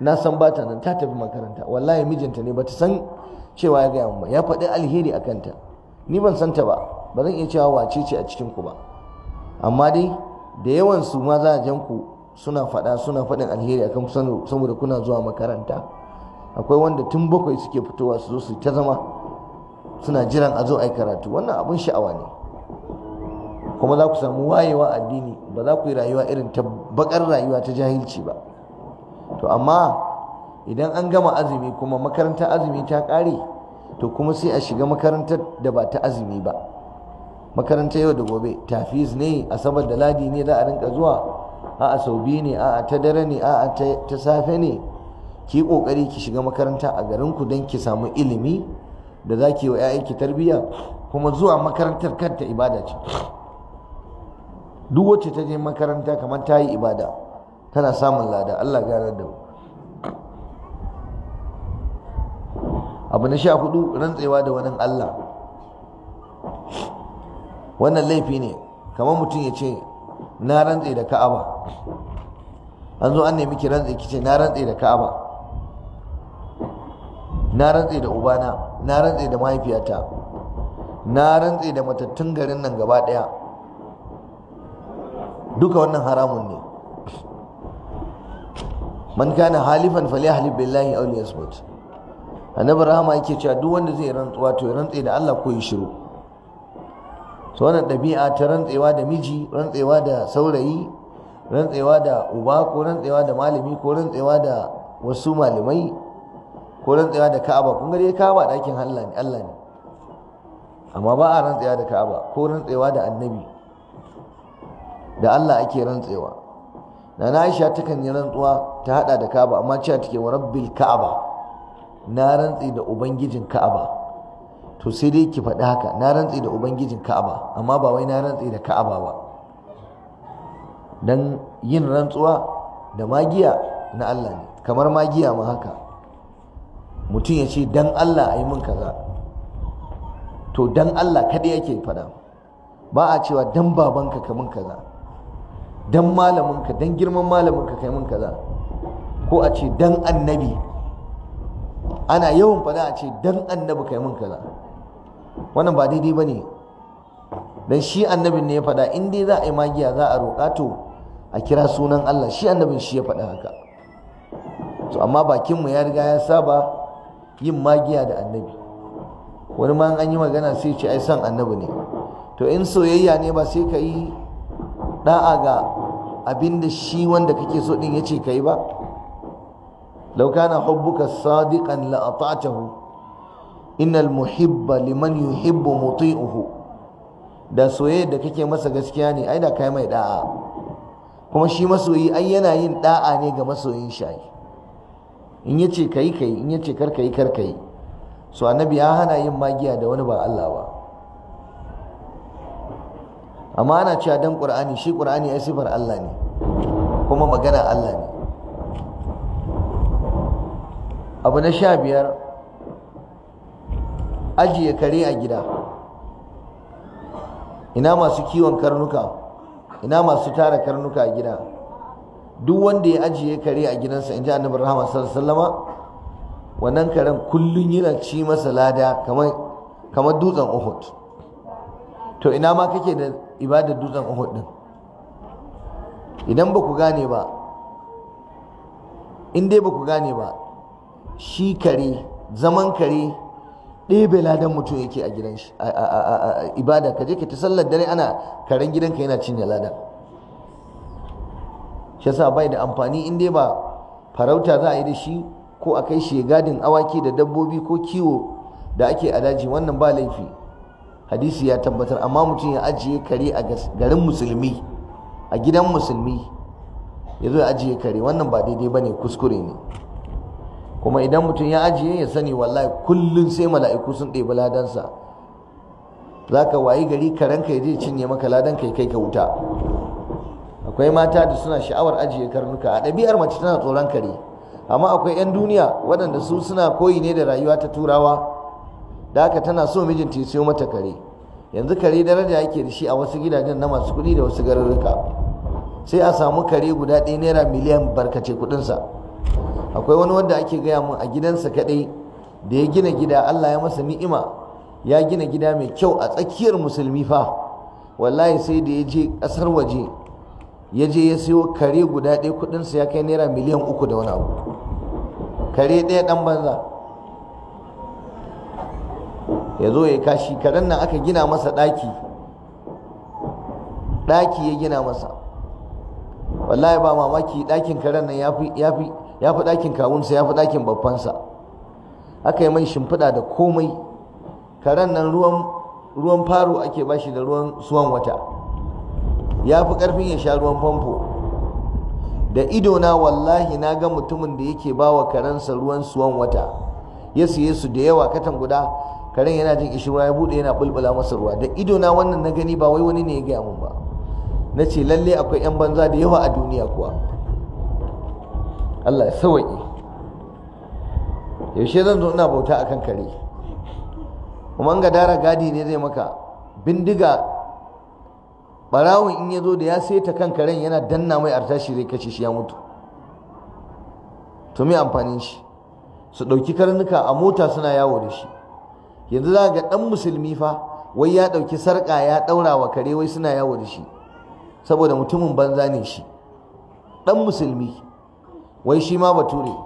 na san bata nan ta tafi makaranta wallahi mijinta ne bata san cewa ya gaya ba ya faɗi alheri a kanta ni ban santa ba ba zan iya cewa wace ce a cikin ku ba amma dai da yawan su ma za a jan ku suna faɗa suna faɗin alheri akan saboda kuna zuwa makaranta akwai wanda tun bakwai suke fitowa su zo su ta zama suna jiran a zo a yi karatu wannan abin sha'awa ne kuma za ku samu wayewa addini ba za ku yi rayuwa irin ta bakar rayuwa ta jahilci ba to amma idan an gama azumi kuma makaranta azumi ta kare to kuma sai a shiga makarantar da ba ta azumi ba makarantar yau da gobe tafiz ne asabar da ladi ne za a rinka zuwa a'a sau biyu ne a'a ta dare ne a'a ta safe ne ki kokari ki shiga makaranta a garinku don ki samu ilimi da za ki yi wa 'ya'yanki tarbiyya kuma zuwa makarantar kanta ibada ce duk wacce ta je makaranta kamar ta yi ibada tana samun lada Allah gane da abu na sha hudu rantsewa da wani Allah wannan laifi ne kamar mutum ya ce na rantse da ka'aba an zo an nemi ki rantse ki ce na rantse da ka'aba na rantse da ubana na rantse da mahaifiyata na rantse da matattun garin nan gaba ɗaya duka wannan haramun ne man kana halifan halif billahi aw yasbut annabi rahama yake cewa duk wanda zai rantsuwa to ya rantse da Allah ko ya shiru to wannan ɗabi'a ta rantsewa da miji rantsewa da saurayi rantsewa da uba ko rantsewa da malami ko rantsewa da wasu malamai ko rantsewa da ka'aba kun ga dai ka'aba ɗakin Allah ne Allah ne amma ba a rantsewa da ka'aba ko rantsewa da annabi da Allah ake rantsewa na Aisha takan yi rantsuwa ta hada da ka'aba amma cewa take wa rabbil ka'aba na rantsi da ubangijin ka'aba to sai dai ki faɗi haka na rantsi da ubangijin ka'aba amma ba wai na rantsi da ka'aba ba dan yin rantsuwa da magiya na Allah ne kamar magiya ma haka mutum ya ce dan Allah a yi min kaza to dan Allah kaɗai yake faɗa ba a cewa dan babanka ka min kaza dan malaminka dan girman malaminka ka yi min kaza ko a ce dan annabi ana yawan faɗa a ce dan annabi ka yi min kaza wannan ba daidai ba ne dan shi annabin ne ya faɗa in dai za a yi magiya za a roƙa to a kira sunan Allah shi annabin shi ya fada haka to amma bakinmu ya riga ya saba yin magiya da annabi wani ma an yi magana sai ce ai san annabi ne to in soyayya ne ba sai ka yi da'a ga abin da shi wanda kake so din yace ka yi ba law na hubbuka sadiqan la ata'tahu innal muhibba liman yuhibbu muti'uhu da soyayya da kake masa gaskiya ne ai da kai mai da'a kuma shi masoyi ai yana yin da'a ne ga masoyin shi in ya ce ka yi ka yi in ya ce kar ka yi kar ka yi so annabi ya hana yin magiya da wani ba Allah ba amma ana cewa dan qur'ani shi qur'ani ai sifar Allah ne kuma magana Allah ne abu na sha biyar ajiye kare a gida ina masu kiwon karnuka ina masu tara karnuka a gida duk wanda ya ajiye kare a gidansa in ji annabi rahama sallallahu wannan karen kullun yana ci masa lada kamar dutsen uhud to ina ma kake da ibadar dutsen uhud din idan ba ku gane ba in dai ba ku gane ba shi kare zaman kare ɗebe ladan mutum yake a gidan shi ibada ka je ka ta sallar dare ana karen gidanka yana cinye ladan shi yasa bai da amfani in dai ba farauta za a yi da shi ko a kai shi gadin awaki da dabbobi ko kiwo da ake a daji wannan ba laifi hadisi ya tabbatar amma mutum ya ajiye kare a garin musulmi a gidan musulmi ya zo ya ajiye kare wannan ba daidai ba ne kuskure ne kuma idan mutum ya ajiye ya sani wallahi kullum sai mala'iku sun ɗebi ladansa za ka wayi gari karenka ya je cinye maka ladan ya kai ka wuta akwai mata da suna sha'awar ajiye karnuka a ɗabi'ar mace tana tsoron kare amma akwai 'yan duniya waɗanda su suna koyi ne da rayuwa ta turawa da haka tana so mijinta ya siyo mata kare yanzu kare daraja yake da shi a wasu gidajen na masu kuɗi da wasu garurruka sai a samu kare guda ɗaya naira miliyan barkace kuɗinsa akwai wani wanda ake gaya mun a gidansa kaɗai da ya gina gida allah ya masa ni'ima ya gina gida mai kyau a tsakiyar musulmi fa wallahi sai da ya je ƙasar waje ya je ya siyo kare guda ɗaya kudinsa ya kai naira miliyan uku da wani abu kare ɗaya ɗan banza ya zo ya kashi karen nan aka gina masa ɗaki ɗaki ya gina masa wallahi ba mamaki ɗakin karen nan ya fi ɗakin kawunsa ya fi ɗakin babbansa aka yi mai shimfiɗa da komai karen nan ruwan faro ake bashi da ruwan suwan wata ya fi karfin ya sha ruwan famfo da idona wallahi na ga mutumin da yake ba wa karensa ruwan suwan wata ya siye su da yawa katan guda karen yana jin kishirwa ya bude yana bulbula masa ruwa da ido na wannan na gani ba wai wani ne ya gaya mun ba na ce lalle akwai 'yan banza da yawa a duniya kuwa Allah ya yaushe zan zo ina bauta akan kare kuma an gadara gadi ne zai maka bindiga barawon in ya zo da ya sai ta kan karen yana danna mai artashi zai kashe shi ya mutu to mai amfanin shi su ɗauki karnuka a mota suna yawo da shi yanzu za ga ɗan musulmi fa wai ya ɗauki sarƙa ya ɗaura wa kare wai suna yawo da shi saboda mutumin banza ne shi ɗan musulmi wai shi ma bature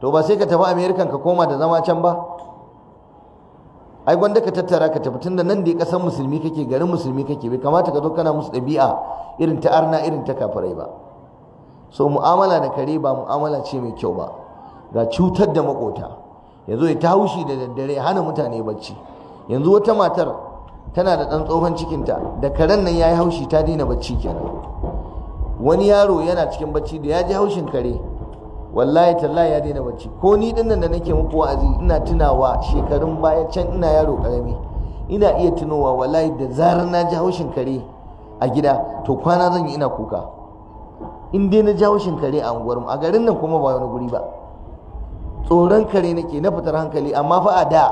to ba sai ka tafi amerikan ka koma da zama can ba ai gwanda ka tattara ka tafi tunda nan dai kasan musulmi kake garin musulmi kake bai kamata ka zo kana musu ɗabi'a irin ta arna irin ta kafirai ba so mu'amala da kare ba mu'amala ce mai kyau ba ga cutar da makota ya zo ya ta haushi da daddare hana mutane bacci yanzu wata matar tana da ɗan tsohon cikinta da karen nan ya yi haushi ta daina bacci kenan wani yaro yana cikin bacci da ya ji haushin kare wallahi tallahi ya daina bacci ko ni nan da nake muku wa'azi ina tunawa shekarun baya can ina yaro karami ina iya tunowa wallahi da zarar na ji haushin kare a gida to kwana zan yi ina kuka in dai na ji haushin kare a unguwarmu a garin nan kuma ba wani guri ba tsoron kare nake na fitar hankali amma fa a da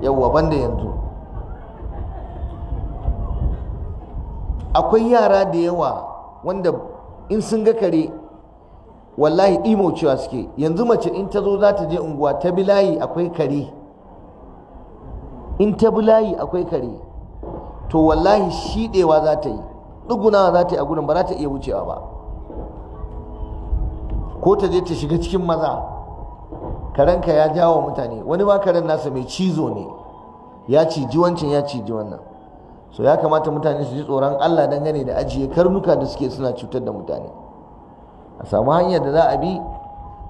yawwa banda yanzu akwai yara da yawa wanda in sun ga kare wallahi imo cewa suke yanzu mace in ta zo za ta je unguwa ta bi layi akwai kare in ta bi layi akwai kare to wallahi shiɗewa za ta yi ɗugunawa za ta yi a gudun ba za ta iya wucewa ba ko ta je ta shiga cikin maza karenka ya jawo mutane wani ma karen nasa mai cizo ne ya ciji wancan ya ciji wannan so ya kamata mutane su ji tsoron allah dangane da ajiye karnuka da suke suna cutar da mutane a samu hanyar da za a bi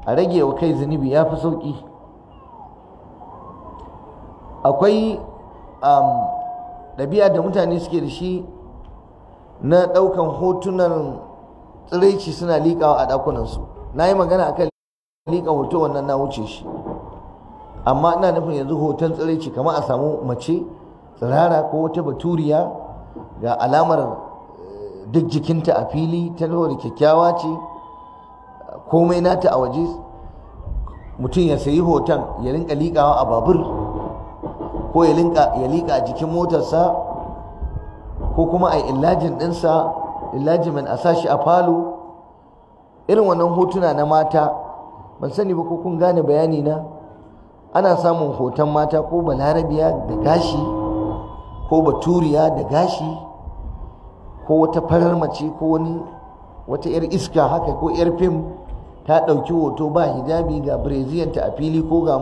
a rage wa kai zunubi ya fi sauƙi akwai um, ɗabi'a da mutane suke da shi na ɗaukan hotunan tsiraici suna liƙawa a ɗakunansu na yi magana a akan liƙa hoto wannan na wuce shi amma ina nufin yanzu hoton tsiraici kamar a samu mace tsirara ko wata baturiya ga alamar eh, duk jikinta a fili ta da kyakkyawa ce komai nata a waje mutum ya sayi hoton ya rinka liƙawa a babur ko ya liƙa a jikin motarsa ko kuma a illajin ɗinsa illajimin a sashi a falo irin wannan hotuna na mata ban sani ba ko kun gane bayani na ana samun hoton mata ko balarabiya da gashi ko baturiya da gashi ko wata farar mace ko wani wata 'yar iska haka ko 'yar fim ta ɗauki hoto ba hijabi ga breziyanta a fili ko ga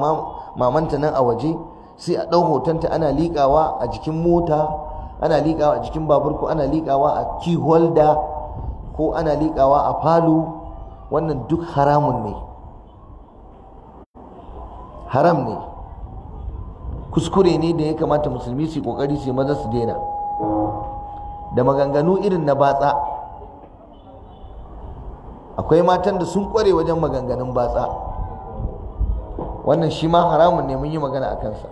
mamanta nan a waje sai a ɗau hotonta ana liƙawa a jikin mota ana liƙawa a jikin babur ko ana liƙawa a key holder ko ana liƙawa a falo wannan duk haramun ne haram ne kuskure ne da ya kamata musulmi su yi ƙoƙari su maza su daina da maganganu irin na batsa akwai matan da sun kware wajen maganganun batsa wannan shi ma haramun ne mun yi magana a kansa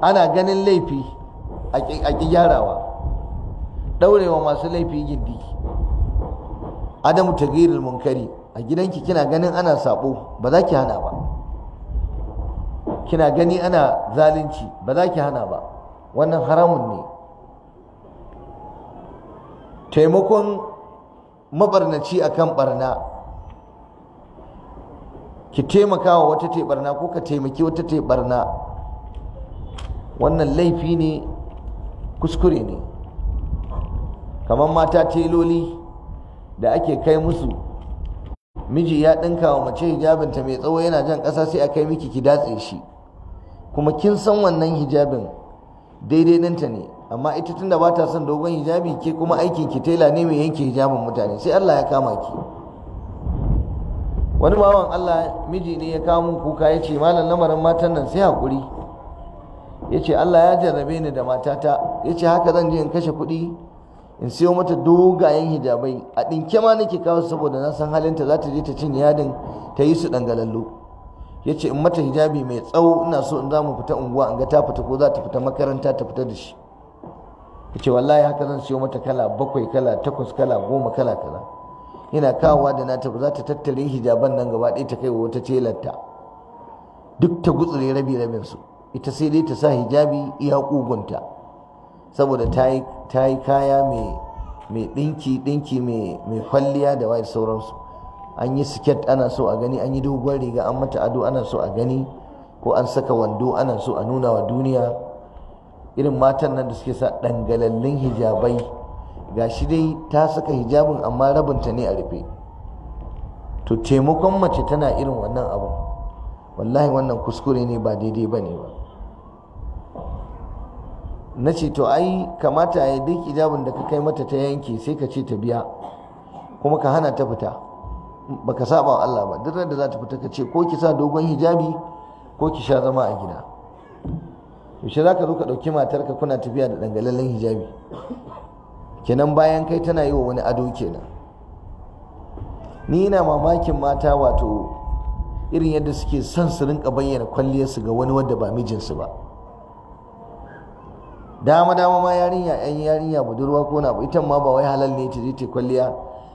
ana ganin laifi a ƙi gyarawa ɗaurewa masu laifi gindi adamu tagirin munkari a gidanki kina ganin ana sabo ba za ki hana ba kina gani ana zalunci ba za ki hana ba wannan haramun ne taimakon mabarnaci a kan barna ki taimaka wa wata ta barna ko ka taimaki wata ta barna wannan laifi ne kuskure ne kamar mata teloli da ake kai musu miji ya ɗinka wa mace ta mai tsawo yana jan ƙasa sai a kai miki ki datse shi kuma kin san wannan hijabin daidai ɗinta ne amma ita tunda ba ta son dogon hijabi ke kuma aikin ki tela ne mai yanke hijabin mutane sai Allah ya kama ki wani bawan Allah miji ne ya kawo mun kuka ya ce malam lamarin matan nan sai hakuri ya ce Allah ya jarrabe ni da matata ya ce haka zan je in kashe kuɗi in siyo mata dogayen hijabai a ɗinke ma nake kawo saboda na san halinta za ta je ta cin yadin ta yi su ɗangalallo ya ce in mata hijabi mai tsawo ina so in za mu fita unguwa in ga ta fita ko za ta fita makaranta ta fita da shi ce wallahi haka zan siyo mata kala bakwai kala takwas kala goma kala kaza ina kawowa da nata ba za ta tattare hijaban nan gaba ɗaya ta kai wa wata celarta duk ta gutsure rabi rabin su ita sai dai ta sa hijabi iya kugunta saboda ta yi kaya mai ɗinki ɗinki mai kwalliya da wayar sauransu an yi siket ana so a gani an yi doguwar riga an mata ado ana so a gani ko an saka wando ana so a nuna wa duniya irin matan nan da suke sa dangalallin hijabai ga shi dai ta saka hijabin amma rabinta ne a rufe to taimakon mace tana irin wannan abu wallahi wannan kuskure ne ba daidai ba ne ba na ce to ai kamata a yi duk hijabin da ka kai mata ta yanke sai ka ce ta biya kuma ka hana ta fita ba ka saba wa Allah ba duk da za ta fita ka ce ko ki sa dogon hijabi ko ki sha zama a gida yaushe za ka zo ka ɗauki matarka kuna tafiya da ɗangalallen hijabi kenan bayan kai tana yi wa wani ado kenan ni ina mamakin mata wato irin yadda suke son su rinka bayyana kwalliyarsu ga wani wadda ba mijinsu ba dama dama ma yarinya yan yarinya budurwa ko na ita ma ba wai halal ne ta je ta kwalliya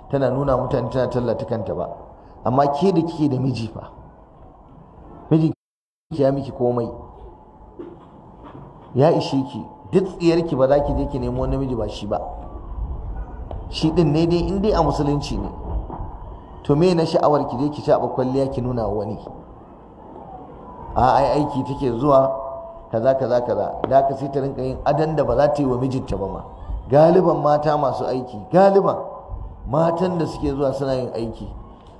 tana nuna mutane tana tallata kanta ba amma ke da kike da miji fa miji ya miki komai ya ishe ki duk tsiyarki ba za ki je ki nemo namiji ba shi ba shi din ne dai in dai a musulunci ne to me na sha'awar ki je ki shaɓa kwalliya ki nuna wani a ai aiki take zuwa kaza kaza kaza da ka sai ta rinka yin adan da ba za ta yi wa mijinta ba ma galiban mata masu aiki galiban matan da suke zuwa suna yin aiki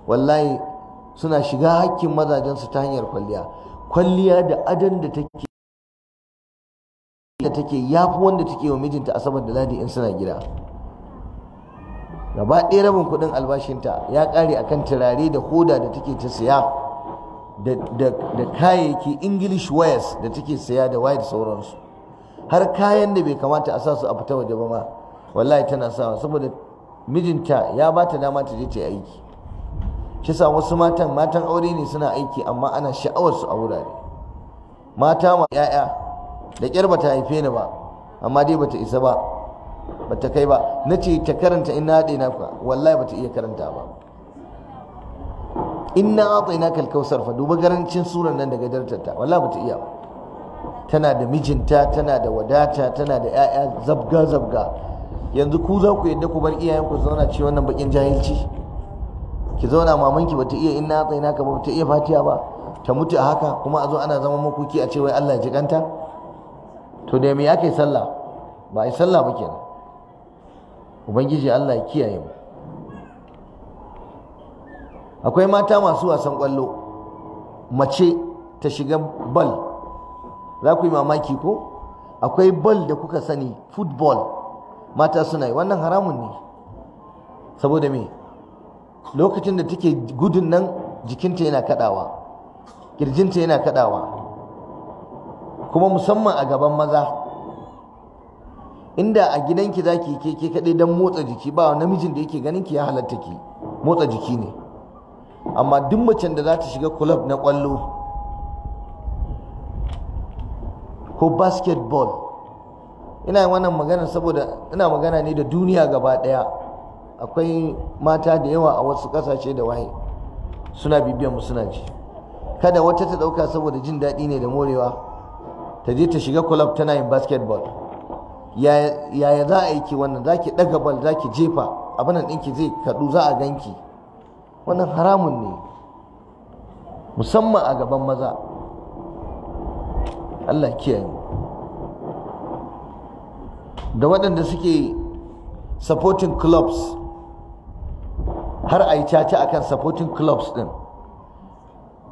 wallahi suna shiga hakkin mazajensu ta hanyar kwalliya kwalliya da adan da take da take ya fi wanda take wa mijinta asabar da ladi in suna gida gaba ɗaya rabin kuɗin albashinta ya ƙare a kan turare da hoda da take ta siya da kayayyaki english wires da take siya da waye sauransu har kayan da bai kamata a sa su a fita waje ba ma wallahi tana sawa saboda mijinta ya ba ta dama ta je ta aiki shi sa wasu matan matan aure ne suna aiki amma ana sha'awar su a wurare mata ma 'ya'ya da ƙyar ba ta haife ni ba amma dai ba ta isa ba ba ta kai ba na ce ta karanta in na haɗe na ka wallahi ta iya karanta ba in na haɗe na kalkausar fa duba garancin suran nan daga dartarta wallahi ta iya tana da mijinta tana da wadata tana da 'ya'ya zabga zabga yanzu ku za ku yadda ku bar iyayen ku zauna ce wannan bakin jahilci ki zauna mamanki ba ta iya in na haɗe na ka ba ta iya fatiya ba ta mutu a haka kuma a zo ana zama makoki a ce wai Allah ya ganta? to da me yi sallah ba ai sallah ba kenan ubangiji Allah ya kiyaye mu akwai mata masu wasan kwallo mace ta shiga ball. za ku yi mamaki ko akwai ball da kuka sani football mata suna yi wannan haramun ne saboda me lokacin da take gudun nan jikinta yana kadawa kirjinta yana kadawa kuma musamman a gaban maza inda a gidanki za ki keke kaɗai don motsa jiki ba namijin da yake ganin ki ya halatta ki motsa jiki ne amma duk macen da za ta shiga kulab na ƙwallo ko basketball ina wannan magana saboda ina magana ne da duniya gaba ɗaya akwai mata da yawa a wasu ƙasashe da waye suna bibiyan mu suna ji kada wata ta ɗauka saboda jin daɗi ne da morewa ta je ta shiga club tana yin basketball yaya za a yi ki wannan za ki ɗaga bal za ki jefa abinan ɗinki zai kaɗu za a ganki wannan haramun ne musamman a gaban maza Allah kiyaye da waɗanda suke supporting clubs har a yi caca akan supporting clubs ɗin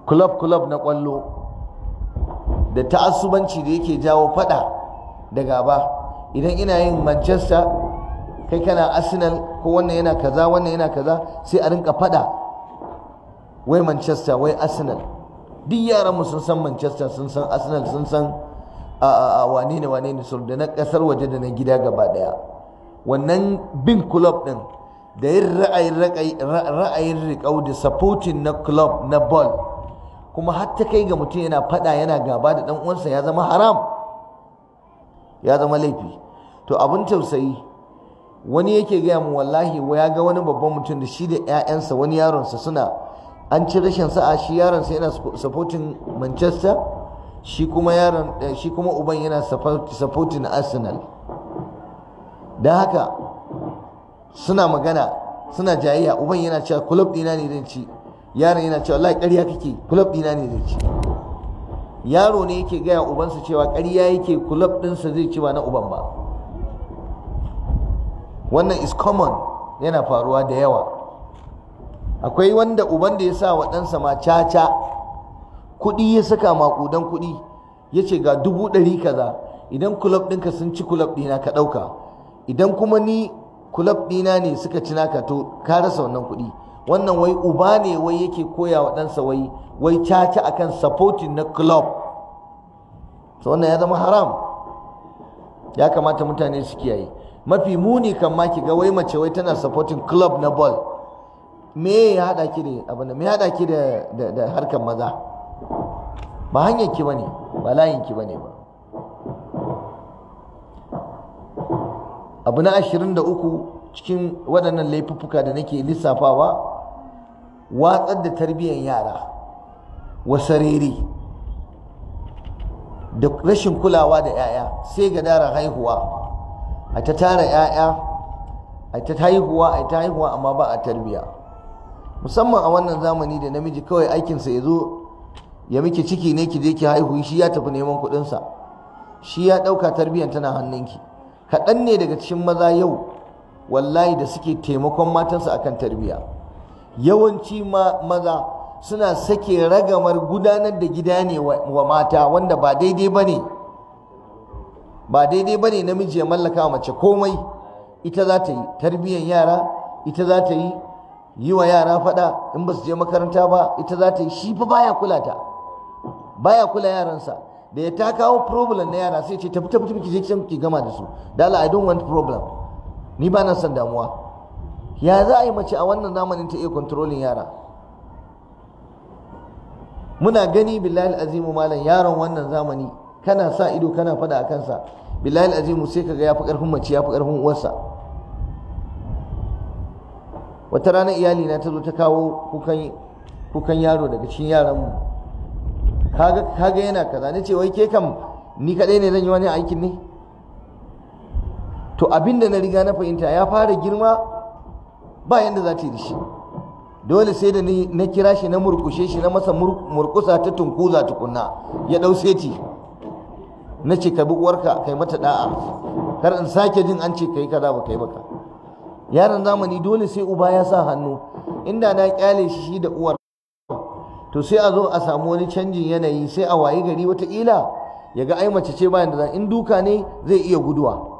club club na ƙwallo da ta'assubanci da yake jawo fada da gaba idan ina yin manchester kai kana arsenal ko wannan yana kaza wannan yana kaza sai a rinka fada wai manchester wai arsenal duk yaran mu sun san manchester sun san arsenal sun san a wane ne wane ne sun da na kasar waje da na gida gaba daya wannan bin club din da yin ra'ayin ra'ayin riƙau da supporting na club na ball kuma har ta kai ga mutum yana faɗa yana gaba da ɗan uwansa ya zama haram ya zama laifi to abin tausayi wani yake gaya mu wallahi ya ga wani babban mutum da shi da ƴaƴansa wani yaronsa suna an ci rashin sa'a shi yaronsa yana supporting manchester shi kuma yaron eh, shi kuma uban yana supporting arsenal don haka suna magana suna jayayya uban yana cewa club dina ne zan ci yaron yana cewa Allah ƙarya kake club dina ne zai ci yaro ne yake gaya ubansa cewa ƙarya yake club ɗinsa zai ci ba na uban ba wannan is common yana faruwa da yawa akwai wanda uban da ya sa wa ɗansa ma caca kuɗi ya saka maƙudan kuɗi ya ce ga dubu ɗari kaza idan kulab ɗinka sun ci kulab ɗina ka ɗauka idan kuma ni kulab ɗina ne suka ci naka to ka rasa wannan kuɗi wannan wai uba ne wai yake koya wa ɗansa wai wai caca akan supporting na club so wannan ya zama haram ya kamata mutane su kiyaye mafi muni kan ma ki ga wai mace wai tana supporting club na ball me ya hada ki da me ya hada ki da da harkar maza ba hanyar ki bane ba layin ki bane ba abu na 23 cikin waɗannan laifuffuka da nake lissafawa watsar da tarbiyyar yara wasarere da rashin kulawa da 'ya'ya sai ga dara haihuwa a ta tara 'ya'ya a ta haihuwa a ta haihuwa amma ba a tarbiya musamman a wannan zamani da namiji kawai aikinsa ya zo ya miki ciki ne ki je ki haihu shi ya tafi neman kuɗinsa shi ya ɗauka tarbiyyar tana hannunki kaɗan ne daga cikin maza yau wallahi da suke taimakon matansa akan tarbiyya yawanci maza suna sake ragamar gudanar da gida ne wa mata wanda ba daidai ba ne ba daidai ba ne namiji ya mallaka wa mace komai ita za ta yi tarbiyyar yara ita za ta yi yi wa yara faɗa in ba su je makaranta ba ita za ta yi shi fa baya kula ta baya kula yaransa da ya ta kawo problem na yara sai ce tafi tafi ki je ki gama da su da I don't want problem ni ba na son damuwa ya za a yi mace a wannan zamanin ta iya kontrolin yara muna gani billahi azimu malam yaron wannan zamani kana sa ido kana fada a kansa billahi azimu sai kaga ya fi karfin mace ya fi karfin uwarsa wata rana iyali na ta zo ta kawo kukan yaro daga cikin yaran mu kaga kaga yana kaza nace wai ke kam ni kadai ne zan yi wani aikin ne to abinda na riga na fahimta ya fara girma ba yanda za ta yi da shi dole sai da na kira shi na murkushe shi na masa murkusa ta tunkuza tukunna ya dau seti na ce ka bi kai mata da'a kar in sake jin an ce kai kaza ba kai baka yaron zamani dole sai uba ya sa hannu inda na kyale shi da uwar to sai a zo a samu wani canjin yanayi sai a wayi gari wataƙila ya ga ai mace ce bayan da in duka ne zai iya guduwa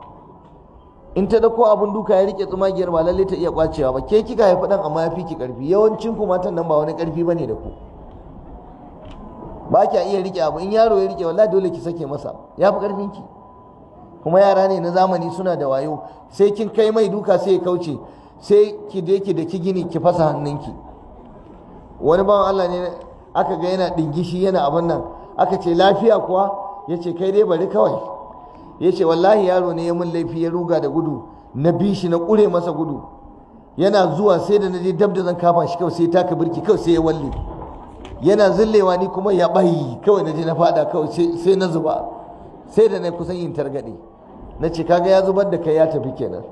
in ta dako abun duka ya rike tsumagiyar ba lalle ta iya kwacewa ba ke kika haifi dan amma ya fi ki karfi yawancin ku matan nan ba wani karfi bane da ku ba kya iya rike abu in yaro ya rike wallahi dole ki sake masa ya fi karfin ki kuma yara ne na zamani suna da wayo sai kin kai mai duka sai ya kauce sai ki da ki da ki gini ki fasa hannunki wani bawan Allah ne aka ga yana dingishi yana abin nan aka ce lafiya kuwa ya ce kai dai bari kawai ya ce wallahi yaro ne ya mun laifi ya ruga da gudu na bi shi na kure masa gudu yana zuwa sai da na je dab da zan kafa shi kawai sai taka birki kawai sai ya walle yana zillewa ni kuma ya bayi kawai na je na fada kawai sai na zuba sai da na kusan yin targaɗe na ce kaga ya zubar da kai ya tafi kenan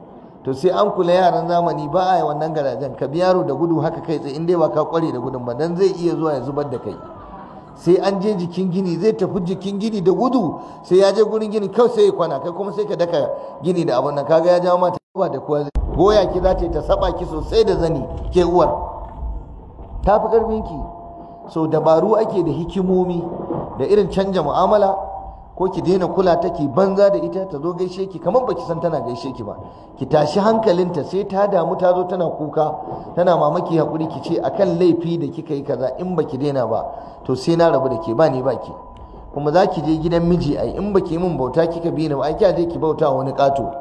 to sai an kula yaran zamani ba a yi wannan garajen ka bi yaro da gudu haka kai tsaye in dai ba ka kware da gudun ba dan zai iya zuwa ya zubar da kai sai an je jikin gini zai tafi jikin gini da gudu sai ya je gurin gini kawai sai ya kwana kai kuma sai ka daka gini da abun nan kaga ya jawo mata ba da kowa goya ki za ta saba ki sosai da zani ke uwar ta fi karfin ki so dabaru ake da hikimomi da irin canja mu'amala ko ki daina kula ta ki banza da ita ta zo gaishe ki kamar baki san tana gaishe ki ba ki tashi hankalinta sai ta damu ta zo tana kuka tana mamaki hakuri ki ce akan laifi da kika yi kaza in baki daina ba to sai na rabu da ke ba ni ba kuma za ki je gidan miji ai in baki min bauta kika bi ni ba ai kya je ki bauta wani kato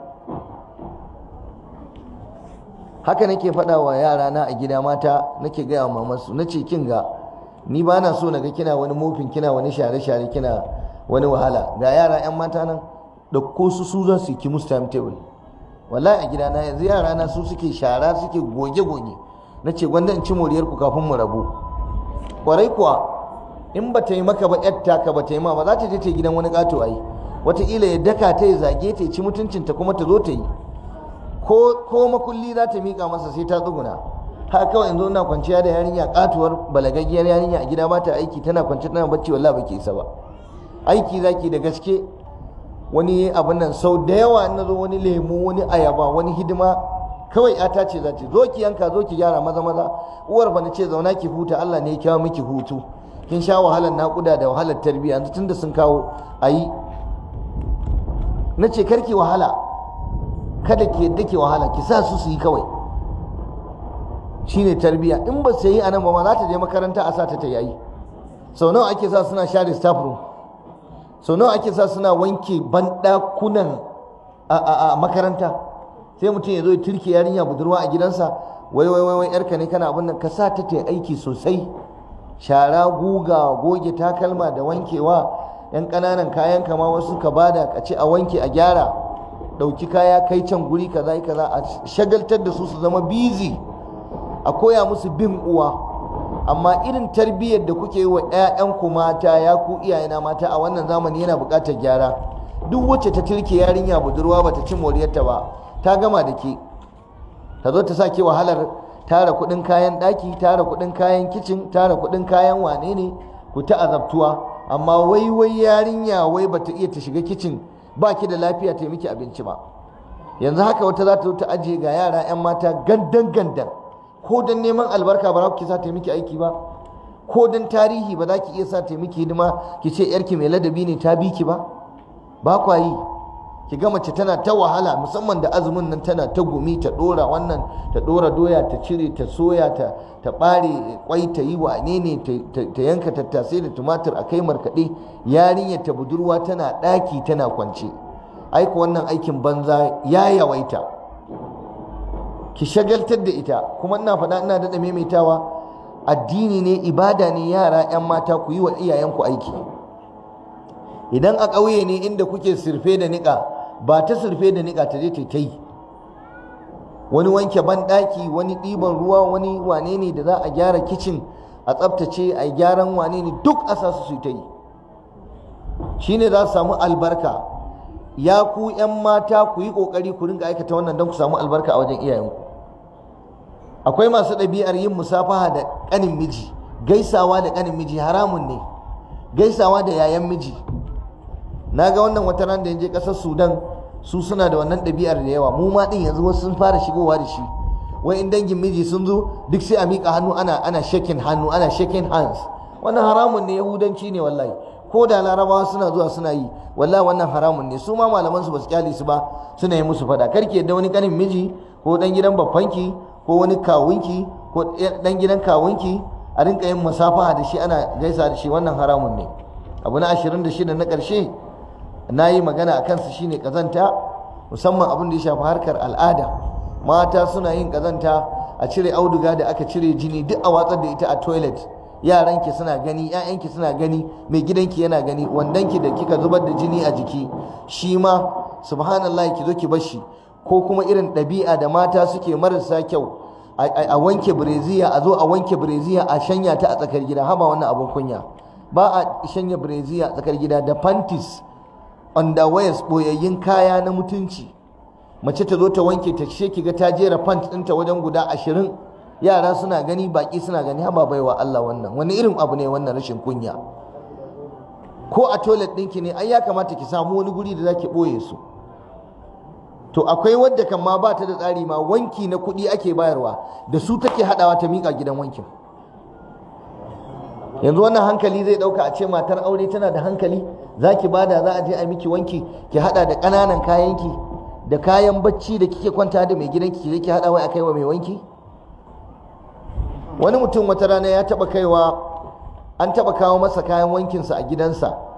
haka nake faɗa wa yara na a gida mata nake gaya wa mamansu nace kin ga ni ba na so naga kina wani mofin kina wani share-share kina wani wahala ga yara 'yan mata nan da ko su su zan su ki musu table wallahi a gidana yanzu yara na su suke shara suke goge-goge na ce gwanda in ci moriyar ku kafin mu rabu kwarai kuwa in ba ta yi maka ba yatta ka ba ta yi ma ba za ta je ta gidan wani kato ai wataƙila ya daka ta ya zage ta ci mutuncinta kuma ta zo ta yi ko makulli za ta miƙa masa sai ta tsuguna haka kawai yanzu ina kwanciya da yarinya katuwar balagaggiyar yarinya a gida ba ta aiki tana kwanci tana bacci wallahi ba ke isa ba aiki zaki da gaske wani abin nan sau da yawa na zo wani lemu wani ayaba wani hidima kawai ya ce za ce zo ki yanka zo ki gyara maza maza uwar bana ce zauna ki huta Allah ne ya kawo miki hutu kin sha wahalar naƙuda da wahalar tarbiyya yanzu tunda sun kawo ayi na ce karki wahala kada ke dake wahala ki sa su su yi kawai shine tarbiyya in ba su yi anan ba ma za ta je makaranta a sa ta ta yayi sau nawa ake sa suna share staff room so nawa ake sa suna wanke banɗakunan a makaranta sai mutum ya zo ya turke yarinya budurwa a gidansa wai wai wai yarka ne kana abin nan ka sa ta ta aiki sosai shara guga goge takalma da wankewa yan ƙananan kayan kama wasu ka bada ka ce a wanke a gyara ɗauki kaya kai can guri kaza kaza a shagaltar da su su zama bizi a koya musu bin uwa amma irin tarbiyyar da kuke yi wa 'ya'yanku mata ya ku iyayena mata a wannan zamani yana buƙatar gyara duk wacce ta tilke yarinya budurwa ba ta ci moriyarta ba ta gama da ke ta zo ta sake wahalar tara kuɗin kayan ɗaki tara kuɗin kayan kicin tara kuɗin kayan wane ne ku ta azabtuwa amma wai wai yarinya wai bata iya ta shiga kicin ba ki da lafiya ta yi miki abinci ba yanzu haka wata za ta zo ta ajiye ga yara 'yan mata gandan gandan ko don neman albarka ba za ku sa taimaki aiki ba ko don tarihi ba za ki iya sa taimaki hidima ki ce yarki mai ladabi ne ta bi ki ba ba kwa yi ki ga mace tana ta wahala musamman da azumin nan tana ta gumi ta dora wannan ta dora doya ta cire ta soya ta ta bare kwai ta yi wane ne ta yanka tattasai da tumatir a kai markaɗe yarinyar ta budurwa tana ɗaki tana kwance aiko wannan aikin banza ya yawaita ki shagaltar da ita kuma ina faɗa ina daɗa maimaitawa addini ne ibada ne yara 'yan mata ku yi wa iyayenku aiki idan a ƙauye ne inda kuke surfe da niƙa ba ta surfe da niƙa ta je ta yi wani wanke banɗaki wani ɗiban ruwa wani wane ne da za a gyara kicin a tsaftace a gyaran wane ne duk a sa su su ta yi shine za su samu albarka ya ku 'yan mata ku yi ƙoƙari ku ringa aikata wannan don ku samu albarka a wajen iyayenku akwai masu ɗabi'ar yin musafaha da ƙanin miji gaisawa da ƙanin miji haramun ne gaisawa da yayan miji na ga wannan wata ran da je ƙasar sudan su suna da wannan ɗabi'ar da yawa mu ma ɗin yanzu wasu sun fara shigowa da shi wai in dangin miji sun zo duk sai a miƙa hannu ana ana shaking hannu ana shaking hands wannan haramun ne yahudanci ne wallahi ko da larabawa suna zuwa suna yi wallahi wannan haramun ne su ma malaman su basu kyale su ba suna yi musu fada karki yadda wani kanin miji ko dan gidan ki ko wani kawunki ko ɗan gidan kawunki a rinka yin musafaha da shi ana gaisa da shi wannan haramun ne abu na 26 na ƙarshe na yi magana a kansu shine kazanta musamman abin da ya shafi harkar al'ada mata suna yin kazanta a cire auduga da aka cire jini duk a watsar da ita a toilet yaranki suna gani ƴaƴanki suna gani mai gidanki yana gani wandanki da kika zubar da jini a jiki shi ma subhanallah ki zo ki bar shi ko kuma irin ɗabi'a da mata suke marasa kyau a wanke bireziya a zo a wanke bireziya a shanya ta a tsakar gida haba wannan abin kunya ba a shanya bireziya a tsakar gida da panties underwears boyayyin kaya na mutunci mace ta zo ta wanke ta she kiga ta jera pant ɗinta wajen guda ashirin yara suna gani baki suna gani haba baiwa Allah wannan wani irin abu ne wannan rashin kunya ko a toilet ɗinki ne ai ya kamata ki samu wani guri da zaki ɓoye su to akwai wadda kan ma ba ta da tsari ma wanki na kuɗi ake bayarwa da su take haɗawa ta miƙa gidan wankin yanzu wannan hankali zai ɗauka a ce matar aure tana da hankali za ki bada za a je a miki wanki ki haɗa da ƙananan kayanki da kayan bacci da kike kwanta da mai gidanki ki ki haɗa wai a kaiwa mai wanki wani mutum wata rana ya taɓa kaiwa an taɓa kawo masa kayan wankinsa a gidansa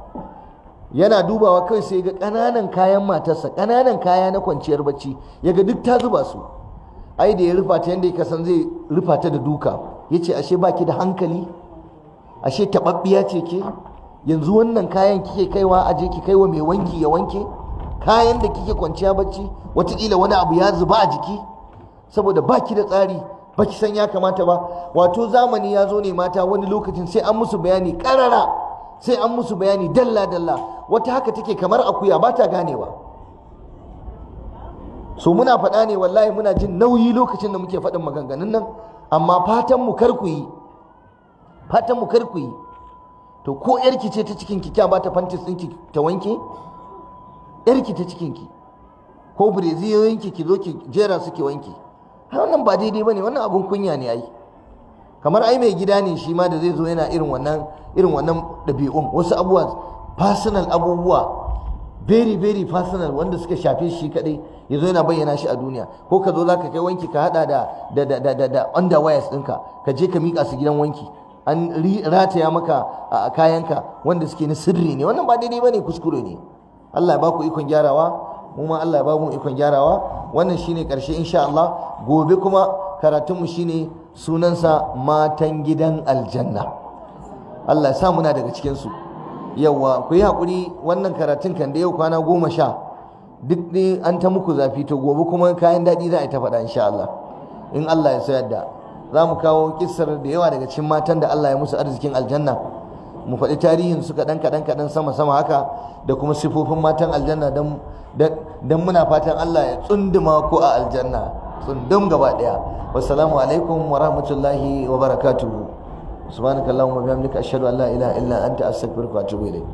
yana dubawa kai sai ga ƙananan kayan matarsa ƙananan kaya na kwanciyar bacci ya ga duk ta zuba su ai da ya rufa ta yadda ya san zai rufa ta da duka ya ce ashe baki da hankali ashe taɓaɓɓiya ce ke yanzu wannan kayan kike kaiwa aje ki kaiwa mai wanki ya wanke kayan da kike kwanciya bacci watakila wani abu ya zuba a jiki saboda baki da tsari baki san ya kamata ba wato zamani ya zo ne mata wani lokacin sai an musu bayani ƙarara sai an musu bayani dalla dalla wata haka take kamar akuya ba ta ganewa so muna faɗa ne wallahi muna jin nauyi lokacin da muke faɗin maganganun nan amma fatan mu kar ku yi fatan mu kar ku yi to ko yarki ce ta cikin ki kya ba ta fantis ɗinki ta wanke yarki ta cikin ki ko bireziyoyin ki ki zo ki jera su ki wanke wannan ba daidai bane wannan abun kunya ne ai kamar ai mai gida ne shi ma da zai zo yana irin wannan irin wannan ɗabi'un wasu abubuwa personal abubuwa very very personal wanda suka shafe shi kadai ya zo yana bayyana shi a duniya ko ka zo za ka kai wanki ka hada da da da da da underwires ɗinka ka je ka miƙa su gidan wanki an rataya maka a kayanka wanda suke na sirri ne wannan ba daidai ba ne, kuskure ne Allah ya baku ikon gyarawa mu ma Allah ya ba mu ikon gyarawa wannan shine karshe insha Allah gobe kuma karatunmu shine sunansa matan gidan aljanna Allah ya sa muna daga cikin su yawa ku yi haƙuri wannan karatun kan da yau kwana goma sha duk ne an ta muku zafi to gobe kuma kayan daɗi za a yi ta faɗa insha Allah in Allah ya sayar da za mu kawo kissar da yawa daga cikin matan da Allah ya musu arzikin aljanna mu faɗi tarihin su kaɗan kaɗan kaɗan sama sama haka da kuma sifofin matan aljanna don muna fatan Allah ya tsunduma ko a aljanna tsundum gaba ɗaya wassalamu alaikum wa rahmatullahi wa barakatuhu subhanakallahumma bihamdika ashhadu an la ilaha illa anta astaghfiruka wa atubu ilayk